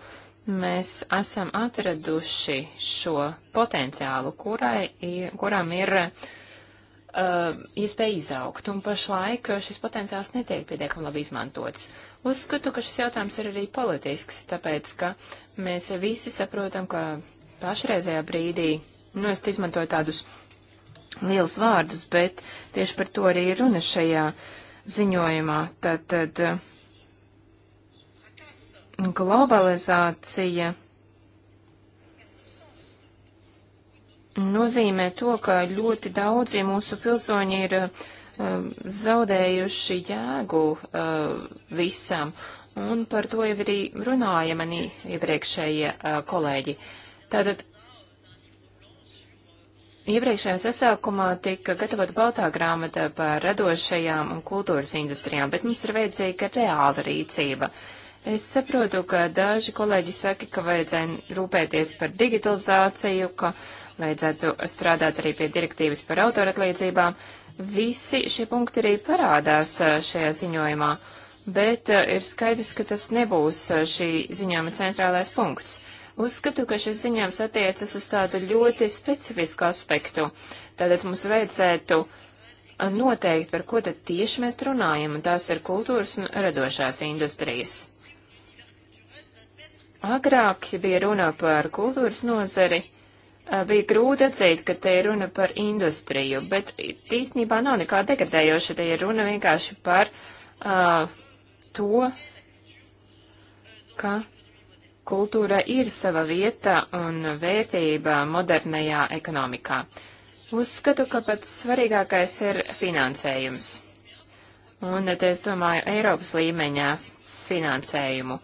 mēs esam atraduši šo potenciālu, kurai, kurām ir uh, uh, iespēja izaugt, un pašlaik uh, šis potenciāls netiek pietiekami labi izmantots. Uzskatu, ka šis jautājums ir arī politisks, tāpēc, ka mēs visi saprotam, ka pašreizējā brīdī, nu, es izmantoju tādus liels vārdus, bet tieši par to arī runa šajā ziņojumā. Tad, tad uh, globalizācija nozīmē to, ka ļoti daudzi mūsu pilsoņi ir uh, zaudējuši jēgu uh, visam, un par to jau arī runāja mani iepriekšējie uh, kolēģi. Tātad Iepriekšējā sasākumā tika gatavota baltā grāmata par radošajām un kultūras industrijām, bet mums ir vajadzīga reāla rīcība. Es saprotu, ka daži kolēģi saka, ka vajadzēja rūpēties par digitalizāciju, ka uh, Vajadzētu strādāt arī pie direktīvas par autoratlīdzībām. Visi šie punkti arī parādās eh, šajā ziņojumā, bet eh, ir skaidrs, ka tas nebūs eh, šī ziņojuma centrālais punkts. Uzskatu, ka šis ziņojums attiecas uz tādu ļoti specifisku aspektu. Tātad mums vajadzētu noteikt, par ko tad tieši mēs runājam, un tās ir kultūras un radošās industrijas. Agrāk bija runa par kultūras nozari, Eh, bija grūti atzīt, ka te ir runa par industriju, bet īstenībā nav nekā degradējoša, te ir runa vienkārši par uh, to, ka kultūra ir sava vieta un vērtība modernajā ekonomikā. Uzskatu, ka pats svarīgākais ir finansējums. Un te es domāju Eiropas līmeņā finansējumu.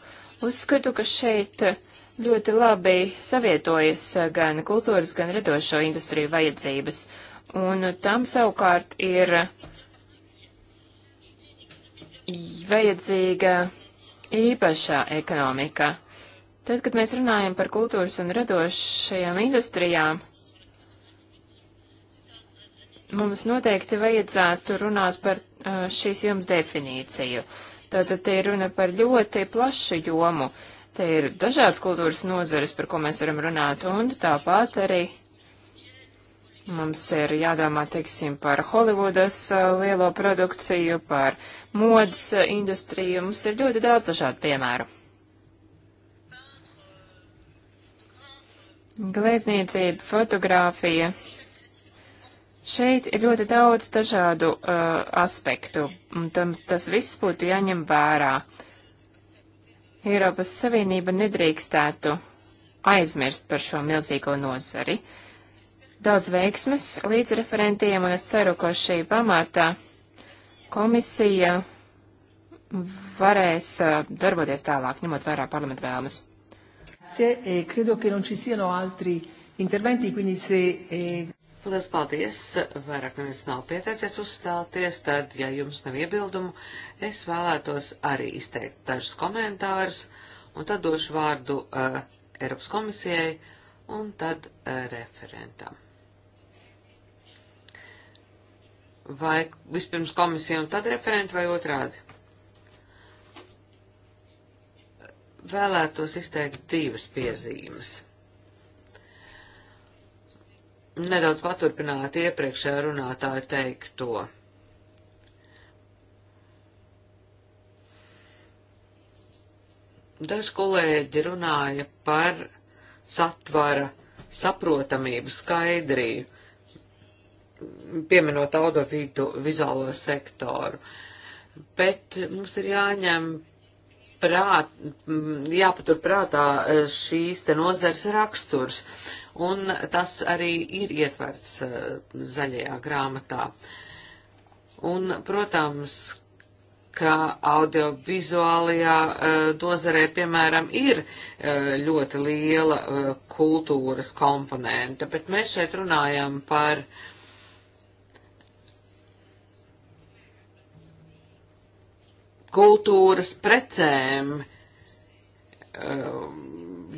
Uzskatu, ka šeit uh, ļoti labi savietojas eh, gan kultūras, gan radošo industriju vajadzības. Un tam savukārt ir vajadzīga īpašā ekonomika. Tad, kad mēs runājam par kultūras un radošajām industrijām, mums noteikti vajadzētu runāt par eh, šīs jomas definīciju. Tātad te ir runa par ļoti plašu jomu. Te ir dažādas kultūras nozares, par ko mēs varam runāt, un tāpat arī mums ir jādomā, teiksim, par Holivudas eh, lielo produkciju, par modas eh, industriju. Mums ir ļoti daudz dažādu piemēru. Glezniecība, fotografija. Šeit ir ļoti daudz dažādu uh, aspektu, un tam tas viss būtu jāņem vērā. Uh, Eiropas Savienība nedrīkstētu aizmirst par šo milzīgo nozari. Daudz veiksmes līdz referentiem, un es ceru, ka šī pamatā komisija varēs darboties tālāk, ņemot vērā parlamentu vēlmes. E credo che non ci siano altri interventi, quindi se... E- Lielas paldies! Vairāk neviens nav pieteicies uzstāties, tad, ja jums nav iebildumu, es vēlētos arī izteikt dažus komentārus, un tad došu vārdu uh, Eiropas komisijai un tad uh, referentam. Vai vispirms komisija un tad referenti vai otrādi? Vēlētos izteikt divas piezīmes nedaudz paturpināt iepriekšējā runātāja teikto. Daži kolēģi runāja par satvara saprotamību, skaidrību, pieminot audovidu vizuālo sektoru. Bet mums ir jāņem prāt, jāpatur prātā eh, šīs te nozars raksturs. Uh, un tas arī ir ietverts uh, zaļajā grāmatā. Un, protams, ka audiovizuālajā uh, dozarē, piemēram, ir uh, ļoti liela uh, kultūras komponente, bet mēs šeit runājam par kultūras precēm, um,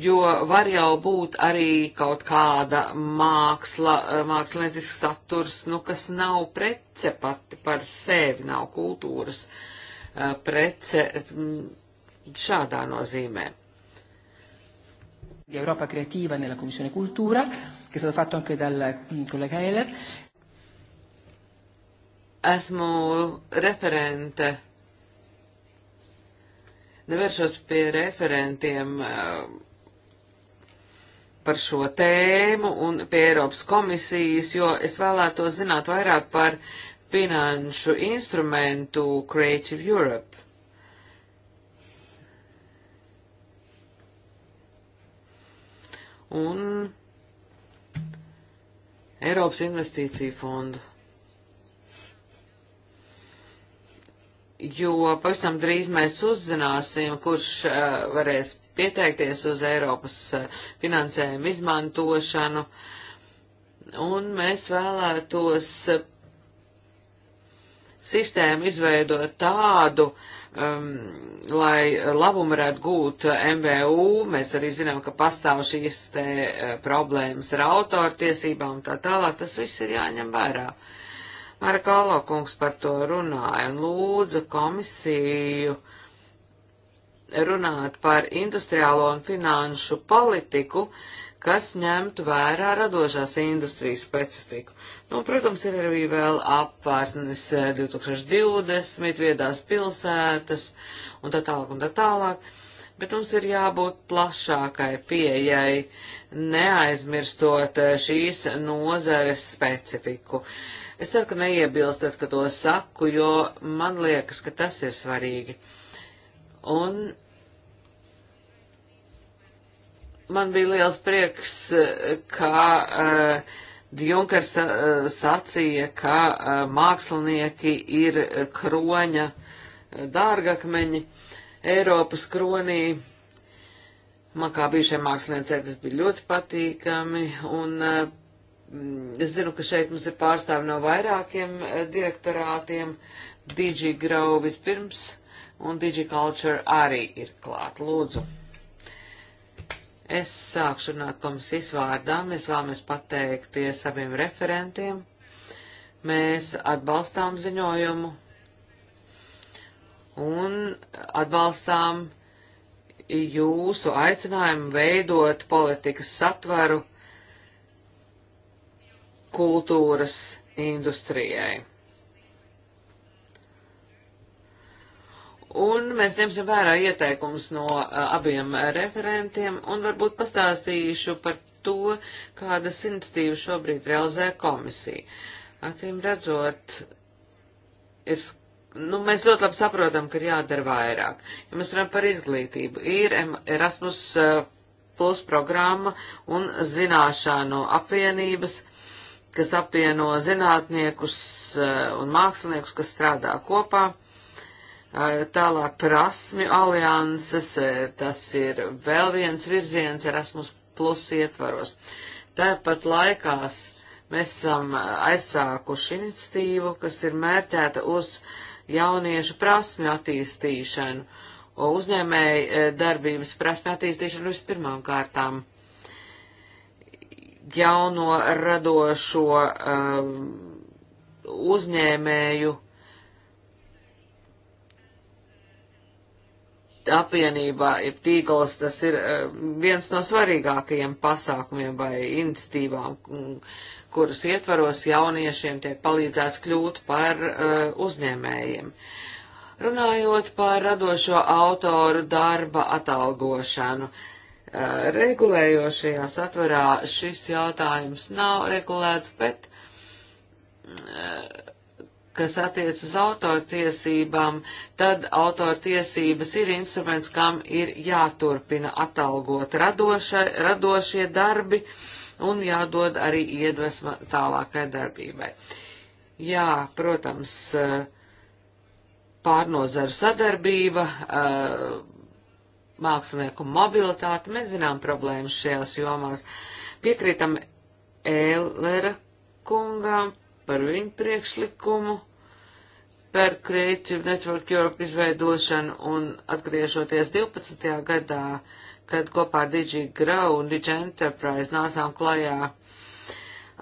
jo var jau būt arī kaut kāda māksla, māksliniecisks saturs, nu, kas nav prece pati par sevi, nav kultūras eh, prece mm, šādā nozīmē. Di Europa Creativa nella Commissione Cultura, che è stato fatto anche dal mm, collega Heller. Esmu referente nevēršos pie referentiem eh, par šo tēmu un pie Eiropas komisijas, jo es vēlētos zināt vairāk par finanšu instrumentu Creative Europe. Un Eiropas investīciju fondu. Jo pavisam drīz mēs uzzināsim, kurš uh, varēs pieteikties uz Eiropas eh, finansējumu izmantošanu, un mēs vēlētos eh, sistēmu izveidot tādu, um, lai labumu varētu gūt MVU. Mēs arī zinām, ka pastāv šīs te eh, problēmas ar autortiesībām un tā tālāk. Tas viss ir jāņem vērā. Mara Kallo kungs par to runāja un lūdza komisiju uh, runāt par industriālo un finanšu politiku, kas ņemtu vērā radošās industrijas specifiku. Nu, protams, ir arī vēl apvērsnes 2020, eh, viedās pilsētas un tā tālāk un tā tālāk, bet mums ir jābūt plašākai pieejai, neaizmirstot eh, šīs nozares specifiku. Es ceru, ka neiebilstat, ka to saku, jo man liekas, ka tas ir svarīgi. Uh, Un man bija liels prieks, kā uh, eh, Junkers uh, eh, sacīja, ka uh, mākslinieki ir kroņa dārgakmeņi Eiropas kronī. Man kā bijušai māksliniecei tas bija ļoti patīkami, un es zinu, ka šeit mums ir pārstāvi no vairākiem direktorātiem. DigiGrow vispirms un DigiCulture arī ir klāt. Lūdzu! Es sākšu runāt komisijas vārdā. Mēs vēlamies pateikties abiem referentiem. Mēs atbalstām ziņojumu un atbalstām jūsu aicinājumu veidot politikas satvaru kultūras industrijai. Un mēs ņemsim vērā ieteikumus no abiem referentiem un varbūt pastāstīšu par to, kādas inicitīvas šobrīd realizē komisija. Acīm redzot, ir skaidrs nu, mēs ļoti labi saprotam, ka ir jādara vairāk. Ja mēs runājam par izglītību, ir Erasmus plus programma un zināšanu apvienības, kas apvieno zinātniekus un māksliniekus, kas strādā kopā. Tālāk prasmi alianses, tas ir vēl viens virziens Erasmus plus ietvaros. Tāpat laikās mēs esam aizsākuši iniciatīvu, kas ir mērķēta uz jauniešu prasmi attīstīšanu, uzņēmēji darbības prasmi attīstīšanu vispirmām kārtām jauno radošo um, uzņēmēju apvienībā ir tīkls, tas ir eh, viens no svarīgākajiem pasākumiem vai iniciatīvām, mm, kuras ietvaros jauniešiem tiek palīdzēts kļūt par eh, uzņēmējiem. Runājot par radošo autoru darba atalgošanu, eh, regulējošajā satverā šis jautājums nav regulēts, bet kas attiec uz autortiesībām, tad autortiesības ir instruments, kam ir jāturpina atalgot radoša, radošie darbi un jādod arī iedvesma tālākai darbībai. Jā, protams, pārnozaru sadarbība, mākslinieku mobilitāte, mēs zinām problēmas šajās jomās. Piekrītam Ēlera kungam par viņu priekšlikumu par Creative Network Europe izveidošanu un atgriežoties 12. gadā, kad kopā ar Digi Grau un Digi Enterprise nācām klajā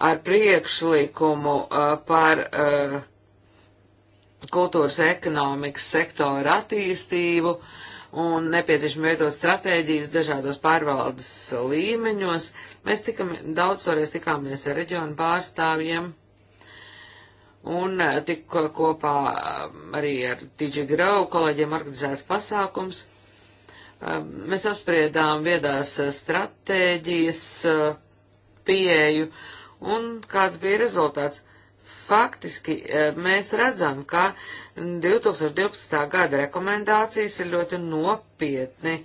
ar priekšlikumu uh, par uh, kultūras ekonomikas sektora attīstību un nepieciešami veidot stratēģijas dažādos pārvaldes līmeņos. Mēs tikam, daudz toreiz tikāmies ar reģionu pārstāvjiem Un eh, tika eh, kopā eh, arī ar TG Grau kolēģiem organizēts pasākums. Mēs apspriedām viedās stratēģijas pieeju un kāds bija rezultāts. Faktiski mēs redzam, ka 2012. gada rekomendācijas ir ļoti nopietni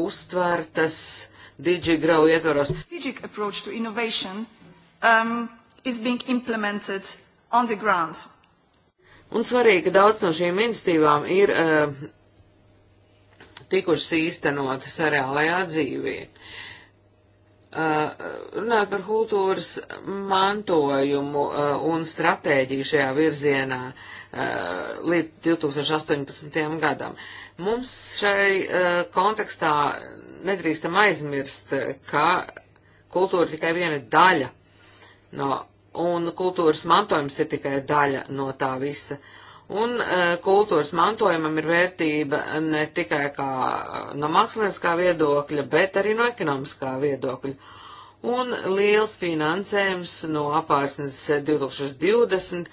uztvertas DigiGrow ietvaros. Um, is being implemented on the ground. Un svarīgi, ka daudz no šīm institīvām ir uh, tikušas īstenotas reālajā dzīvē. Uh, eh, runāt par kultūras mantojumu uh, un stratēģiju šajā virzienā uh, līdz 2018. gadam. Mums šai uh, kontekstā nedrīkstam aizmirst, ka kultūra tikai viena daļa no un kultūras mantojums ir tikai daļa no tā visa. Un e, kultūras mantojumam ir vērtība ne tikai kā e, no mākslinieckā viedokļa, bet arī no ekonomiskā viedokļa. Un liels finansējums no apārsnes 2020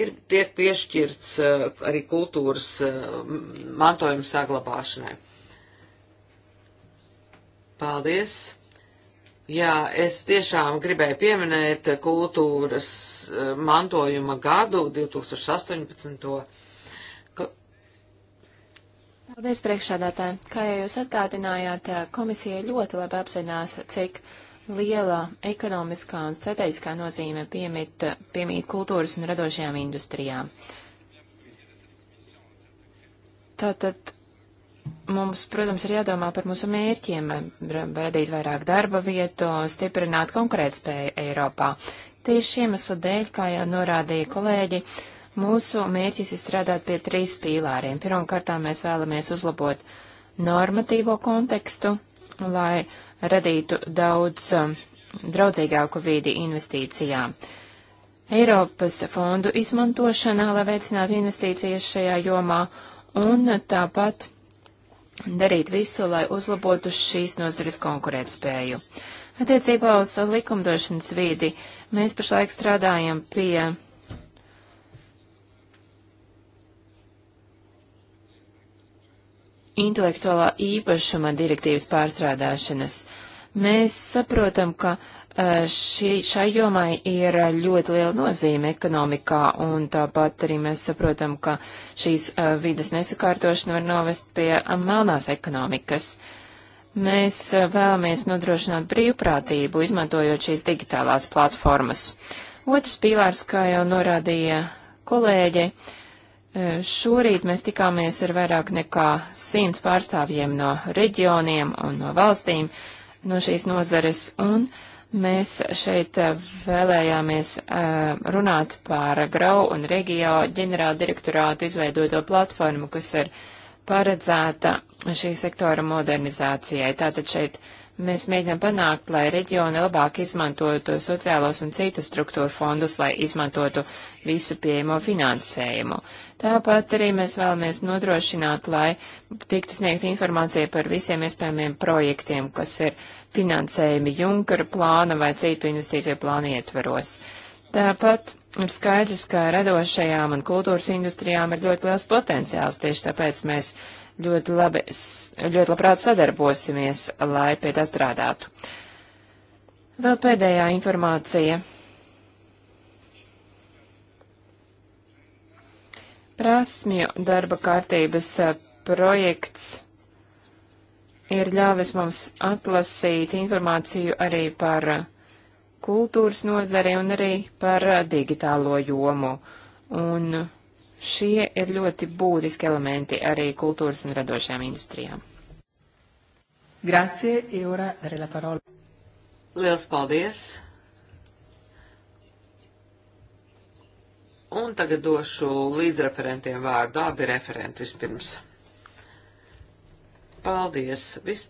ir tiek piešķirts e, arī kultūras mantojuma saglabāšanai. Paldies! Jā, es tiešām gribēju pieminēt kultūras eh, mantojuma gadu 2018. Ka... Paldies, priekšsādātāji. Kā jau jūs atgādinājāt, eh, komisija ļoti labi apzinās, cik liela ekonomiskā un strateģiskā nozīme piemīt, piemīt kultūras un radošajām industrijām. Tātad mums, protams, ir jādomā par mūsu mērķiem, radīt vairāk darba vietu, stiprināt konkurētspēju Eiropā. Tieši iemeslu dēļ, kā jau norādīja kolēģi, mūsu mērķis ir strādāt pie trīs pīlāriem. Pirmkārt, mēs vēlamies uzlabot normatīvo kontekstu, lai radītu daudz um, draudzīgāku vīdi investīcijām. Eiropas fondu izmantošanā, lai veicinātu investīcijas šajā jomā, un tāpat darīt visu, lai uzlabotu šīs nozares konkurētspēju. Attiecībā uz likumdošanas vīdi mēs pašlaik strādājam pie intelektuālā īpašuma direktīvas pārstrādāšanas. Mēs saprotam, ka uh, Eh, šī, šai jomai ir ļoti liela nozīme ekonomikā, un tāpat arī mēs saprotam, ka šīs eh, vidas nesakārtošana var novest pie eh, melnās ekonomikas. Mēs vēlamies nodrošināt brīvprātību, izmantojot šīs digitālās platformas. Otrs pīlārs, kā jau norādīja kolēģi, šorīt mēs tikāmies ar vairāk nekā simts pārstāvjiem no reģioniem un no valstīm no šīs nozares, un Mēs šeit eh, vēlējāmies eh, runāt par Grau un Regijā ģenerāla direktorātu izveidoto platformu, kas ir paredzēta šī sektora modernizācijai. Tātad šeit mēs mēģinām panākt, lai reģioni labāk izmantotu sociālos un citu struktūru fondus, lai izmantotu visu pieejamo finansējumu. Tāpat arī mēs vēlamies nodrošināt, lai tiktu sniegt informācija par visiem iespējamiem projektiem, kas ir finansējumi Junkara plāna vai citu investīciju plānu ietveros. Tāpat ir skaidrs, ka radošajām un kultūras industrijām ir ļoti liels potenciāls, tieši tāpēc mēs ļoti, labi, ļoti labprāt sadarbosimies, lai pie tā strādātu. Vēl pēdējā informācija. Prasmju darba kārtības projekts ir ļāvis mums atlasīt informāciju arī par kultūras nozari un arī par digitālo jomu. Un šie ir ļoti būtiski elementi arī kultūras un radošajām industrijām. Grazie, e ora dare la parola. Liels paldies! Un tagad došu līdzreferentiem vārdu, abi referenti vispirms. Paldies! Vis...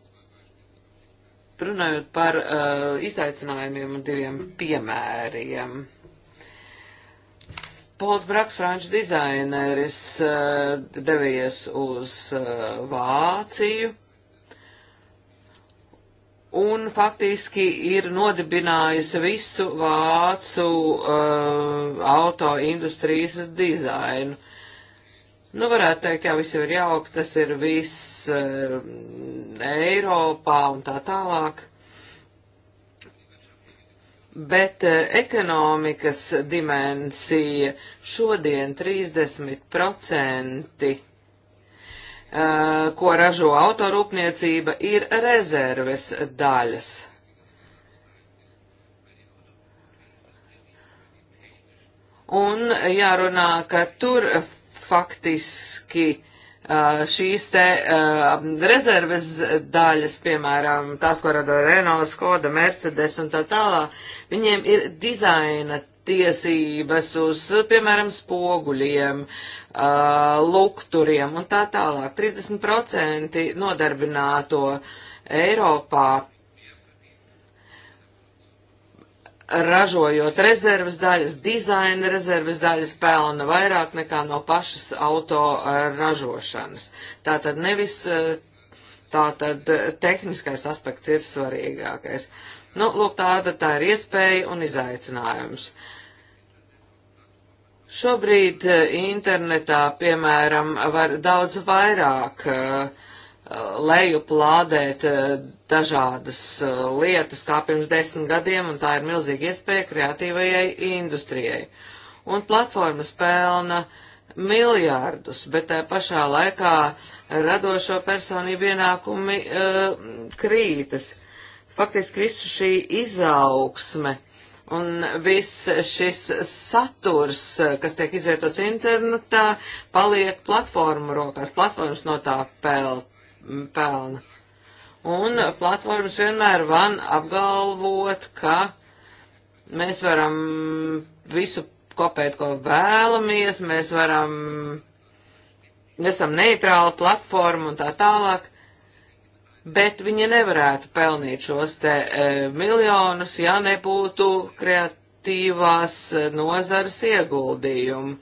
Runājot par uh, izaicinājumiem un diviem piemēriem. Pols Braks, franču dizaineris, uh, devies uz uh, Vāciju un faktiski ir nodibinājis visu vācu uh, auto industrijas dizainu. Nu, varētu teikt, jā, viss jau ir jauki, tas ir viss uh, Eiropā un tā tālāk. Bet uh, ekonomikas dimensija šodien 30%, uh, eh, ko ražo autorūpniecība, ir rezerves daļas. Un jārunā, ka tur faktiski šīs te rezerves daļas, piemēram, tās, ko rada Renault, Skoda, Mercedes un tā tālāk, viņiem ir dizaina tiesības uz, piemēram, spoguļiem, lukturiem un tā tālāk. 30% nodarbināto Eiropā ražojot rezerves daļas, dizaina rezerves daļas pelna vairāk nekā no pašas auto eh, ražošanas. Tātad nevis eh, tātad eh, tehniskais aspekts ir svarīgākais. Nu, lūk, tāda tā ir iespēja un izaicinājums. Šobrīd internetā, piemēram, var daudz vairāk uh, leju plādēt eh, dažādas eh, lietas, kā pirms desmit gadiem, un tā ir milzīga iespēja kreatīvajai industrijai. Un platformas pelna miljārdus, bet tā pašā laikā radošo personību ienākumi uh, krītas. Faktiski visu šī izaugsme un viss šis saturs, kas tiek izvietots internetā, paliek platformu rokās. Platformas no tā pelt pelna. Un platformas vienmēr van apgalvot, ka mēs varam visu kopēt, ko vēlamies, mēs varam, esam neitrāla platforma un tā tālāk, bet viņi nevarētu pelnīt šos te e, miljonus, ja nebūtu kreat aktīvās eh, nozares ieguldījumu.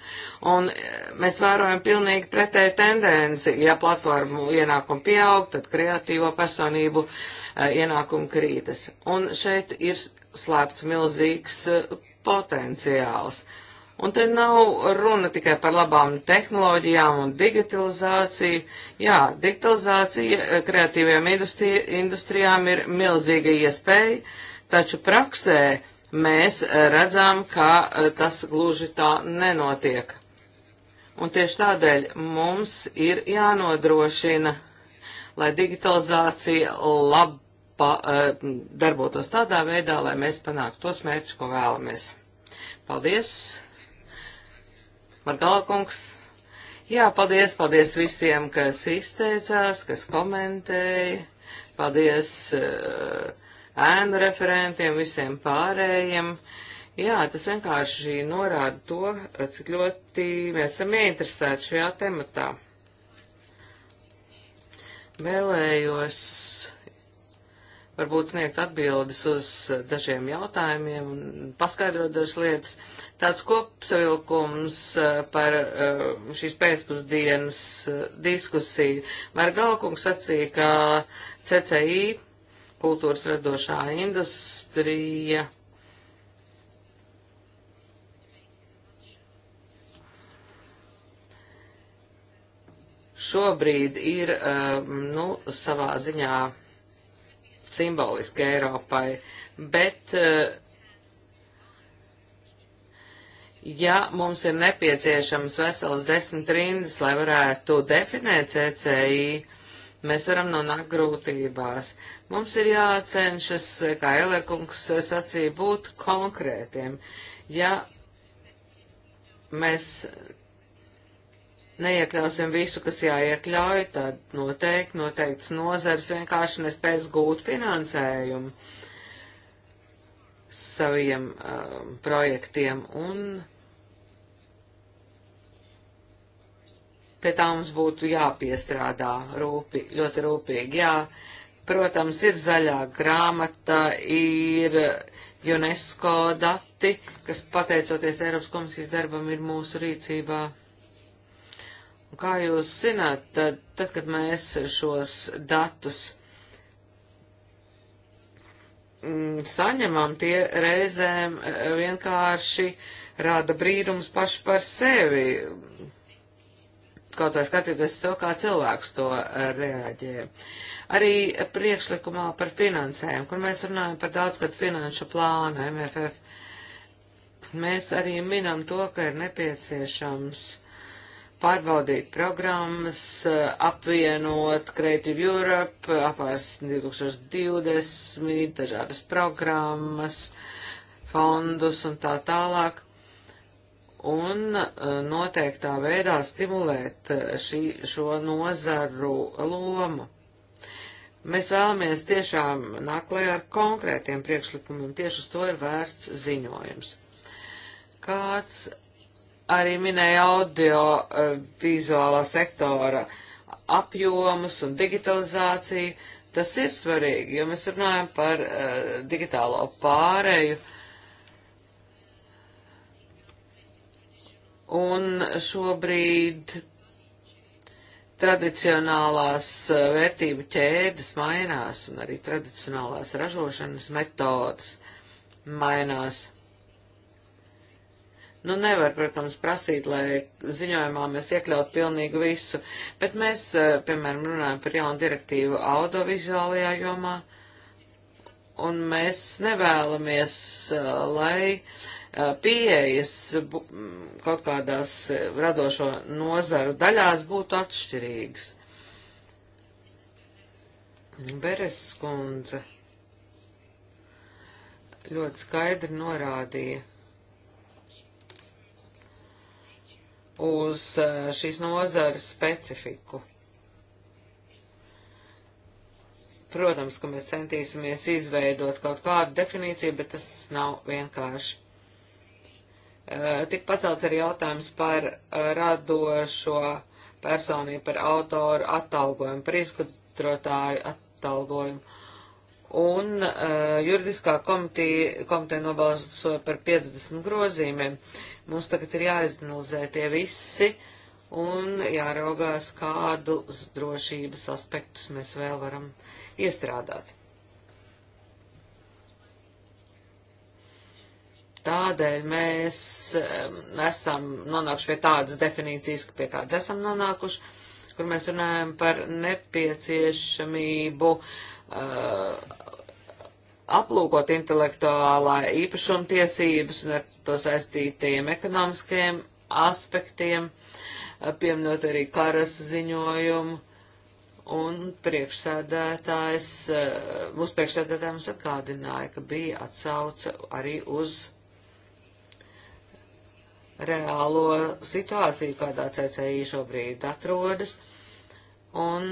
Un eh, mēs vērojam pilnīgi pretēju tendenci. Ja platformu ienākumu pieaug, tad kreatīvo personību eh, ienākumu krītas. Un šeit ir slēpts milzīgs potenciāls. Un te nav runa tikai par labām tehnoloģijām un digitalizāciju. Jā, digitalizācija kreatīvajām industrijām ir milzīga iespēja, taču praksē uh, mēs eh, redzam, ka eh, tas gluži tā nenotiek. Un tieši tādēļ mums ir jānodrošina, lai digitalizācija laba, eh, darbotos tādā veidā, lai mēs panāktu tos mērķus, ko vēlamies. Paldies! Margalakungs! Jā, paldies, paldies visiem, kas izteicās, kas komentēja. Paldies! Uh, ēnu referentiem, visiem pārējiem. Jā, tas vienkārši norāda to, cik ļoti mēs esam ieinteresēti šajā tematā. Vēlējos varbūt sniegt atbildes uz dažiem jautājumiem un paskaidrot dažas lietas. Tāds kopsavilkums eh, par eh, šīs pēcpusdienas eh, diskusiju. Margalkungs sacīja, ka CCI kultūras radošā industrija. Šobrīd ir, um, nu, savā ziņā simboliski Eiropai, bet uh, ja mums ir nepieciešams vesels desmit rindas, lai varētu definēt CCI, mēs varam nonākt grūtībās. Mums ir jācenšas, kā Elekungs sacīja, būt konkrētiem. Ja mēs neiekļausim visu, kas jāiekļauj, tad noteikti noteikts nozars vienkārši nespēs gūt finansējumu saviem um, projektiem un pie tā mums būtu jāpiestrādā rūpi, ļoti rūpīgi. Jā, protams, ir zaļā grāmata, ir UNESCO dati, kas pateicoties Eiropas komisijas darbam ir mūsu rīcībā. Un kā jūs zināt, tad, tad kad mēs šos datus mm, saņemam, tie reizēm vienkārši rāda brīnums paši par sevi kaut vai skatoties to, kā cilvēks to eh, reaģē. Arī priekšlikumā par finansēm, kur mēs runājam par daudzgadu finanšu plānu MFF, mēs arī minam to, ka ir nepieciešams pārbaudīt programmas, eh, apvienot Creative Europe, apvērs 2020, dažādas programmas, fondus un tā tālāk un eh, noteiktā veidā stimulēt eh, šī, šo nozaru lomu. Mēs vēlamies tiešām nākt klajā ar konkrētiem priekšlikumiem, tieši uz to ir vērsts ziņojums. Kāds arī minēja audio eh, vizuālā sektora apjomus un digitalizāciju. Tas ir svarīgi, jo mēs runājam par uh, digitālo pārēju uh, Un šobrīd tradicionālās eh, vērtību ķēdes mainās un arī tradicionālās ražošanas metodas mainās. Nu, nevar, protams, prasīt, lai ziņojumā mēs iekļautu pilnīgi visu, bet mēs, eh, piemēram, runājam par jaunu direktīvu audiovizuālajā jomā, un mēs nevēlamies, eh, lai uh, pieejas kaut kādās radošo nozaru daļās būtu atšķirīgas. Beres kundze ļoti skaidri norādīja uz šīs nozares specifiku. Protams, ka mēs centīsimies izveidot kaut kādu definīciju, bet tas nav vienkārši. Eh, tik pacelts arī jautājums par eh, radošo personību, par autoru atalgojumu, par izskatrotāju atalgojumu. Un uh, juridiskā komiteja, komiteja nobalsoja par 50 grozīmiem. Mums tagad ir jāizanalizē tie visi un jāraugās, kādus drošības aspektus mēs vēl varam iestrādāt. Tādēļ mēs esam nonākuši pie tādas definīcijas, pie kādas esam nonākuši, kur mēs runājam par nepieciešamību uh, aplūkot intelektuālā īpašuma tiesības un ar to saistītajiem ekonomiskajiem aspektiem, eh, pieminot arī karas ziņojumu. Un priekšsēdētājs, eh, mūsu priekšsēdētājs atgādināja, ka bija atsauce arī uz reālo situāciju, kādā CCI šobrīd atrodas, un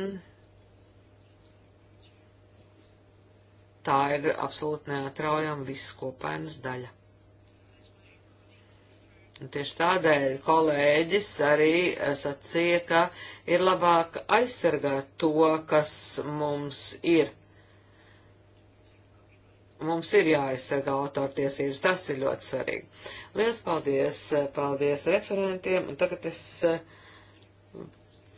tā ir absolūti neatraujama viss kopainas daļa. Un tieši tādēļ kolēģis arī sacīja, ka ir labāk aizsargāt to, kas mums ir, mums ir jāaizsargā autortiesības, tas ir ļoti svarīgi. Lielas paldies, paldies referentiem, un tagad es eh,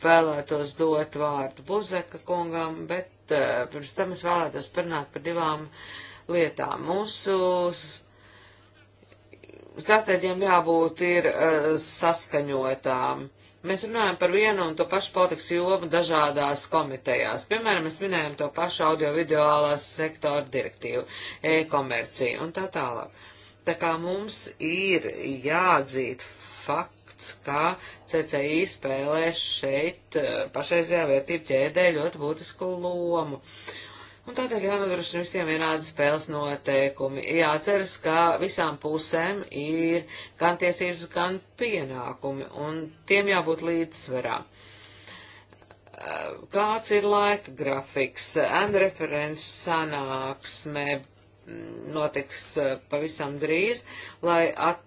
vēlētos dot vārdu Buzeka kungam, bet eh, pirms tam es vēlētos parunāt par divām lietām. Mūsu stratēģiem jābūt ir eh, saskaņotām Mēs runājam par vienu un to pašu politikas jomu dažādās komitejās. Piemēram, mēs minējam to pašu audiovizuālās sektora direktīvu, e-komerciju un tā tālāk. Tā kā mums ir jāatzīt fakts, ka CCI spēlē šeit eh, pašreizajā vērtību ķēdē ļoti būtisku lomu. Uh, Un tādēļ jānodrošina visiem vienādi spēles noteikumi. Jāceras, ka visām pusēm ir gan tiesības, gan pienākumi, un tiem jābūt līdzsverā. Kāds ir laika grafiks? Endreferents sanāksme notiks eh, pavisam drīz, lai at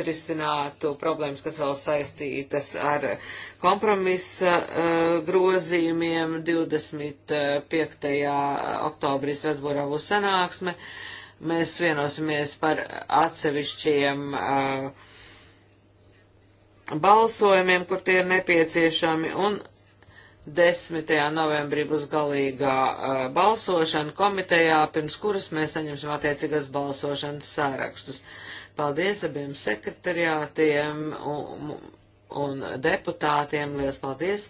atrisinātu problēmas, kas vēl saistītas ar kompromisa uh, grozījumiem 25. oktobrī Strasbūrā būs sanāksme. Mēs vienosimies par atsevišķiem uh, balsojumiem, kur tie ir nepieciešami, un 10. novembrī būs galīgā uh, balsošana komitejā, pirms kuras mēs saņemsim attiecīgas balsošanas sārakstus. Uh, Paldies abiem sekretariātiem un, un deputātiem. Lielas paldies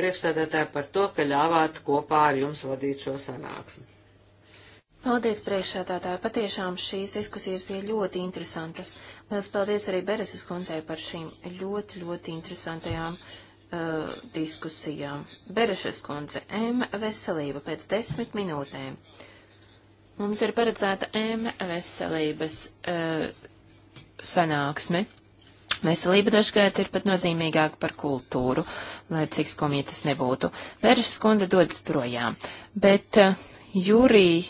priekšstādātāji par to, ka ļāvāt kopā ar jums vadīt šo sanāksmi. Paldies priekšsētātāji. Patiešām šīs diskusijas bija ļoti interesantas. Lielas paldies arī Bereses kundzei par šīm ļoti, ļoti interesantajām uh, diskusijām. Berešas kundze, M veselība pēc desmit minūtēm. Mums ir paredzēta M veselības uh, sanāksme. Veselība dažkārt ir pat nozīmīgāka par kultūru, lai cik skumji tas nebūtu. Vēršas kundze dodas projām, bet uh, jūrī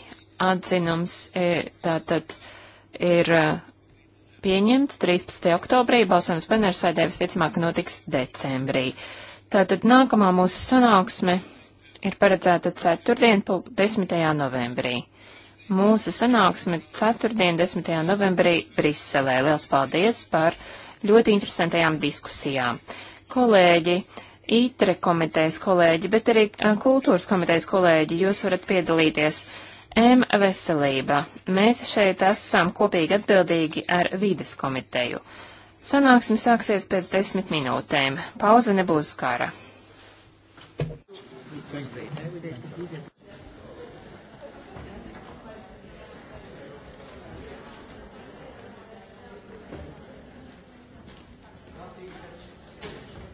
atzinums e, tātad ir uh, pieņemts 13. oktobrī, balsojums plenārsēdē visticamāk notiks decembrī. Tātad nākamā mūsu sanāksme ir paredzēta ceturtdien, 10. novembrī mūsu sanāksmi ceturtdien, 10. novembrī Briselē. Liels paldies par ļoti interesantajām diskusijām. Kolēģi, ITRE komitejas kolēģi, bet arī kultūras komitejas kolēģi, jūs varat piedalīties. M veselība. Mēs šeit esam kopīgi atbildīgi ar vīdes komiteju. Sanāksme sāksies pēc desmit minūtēm. Pauze nebūs kara. Thank you.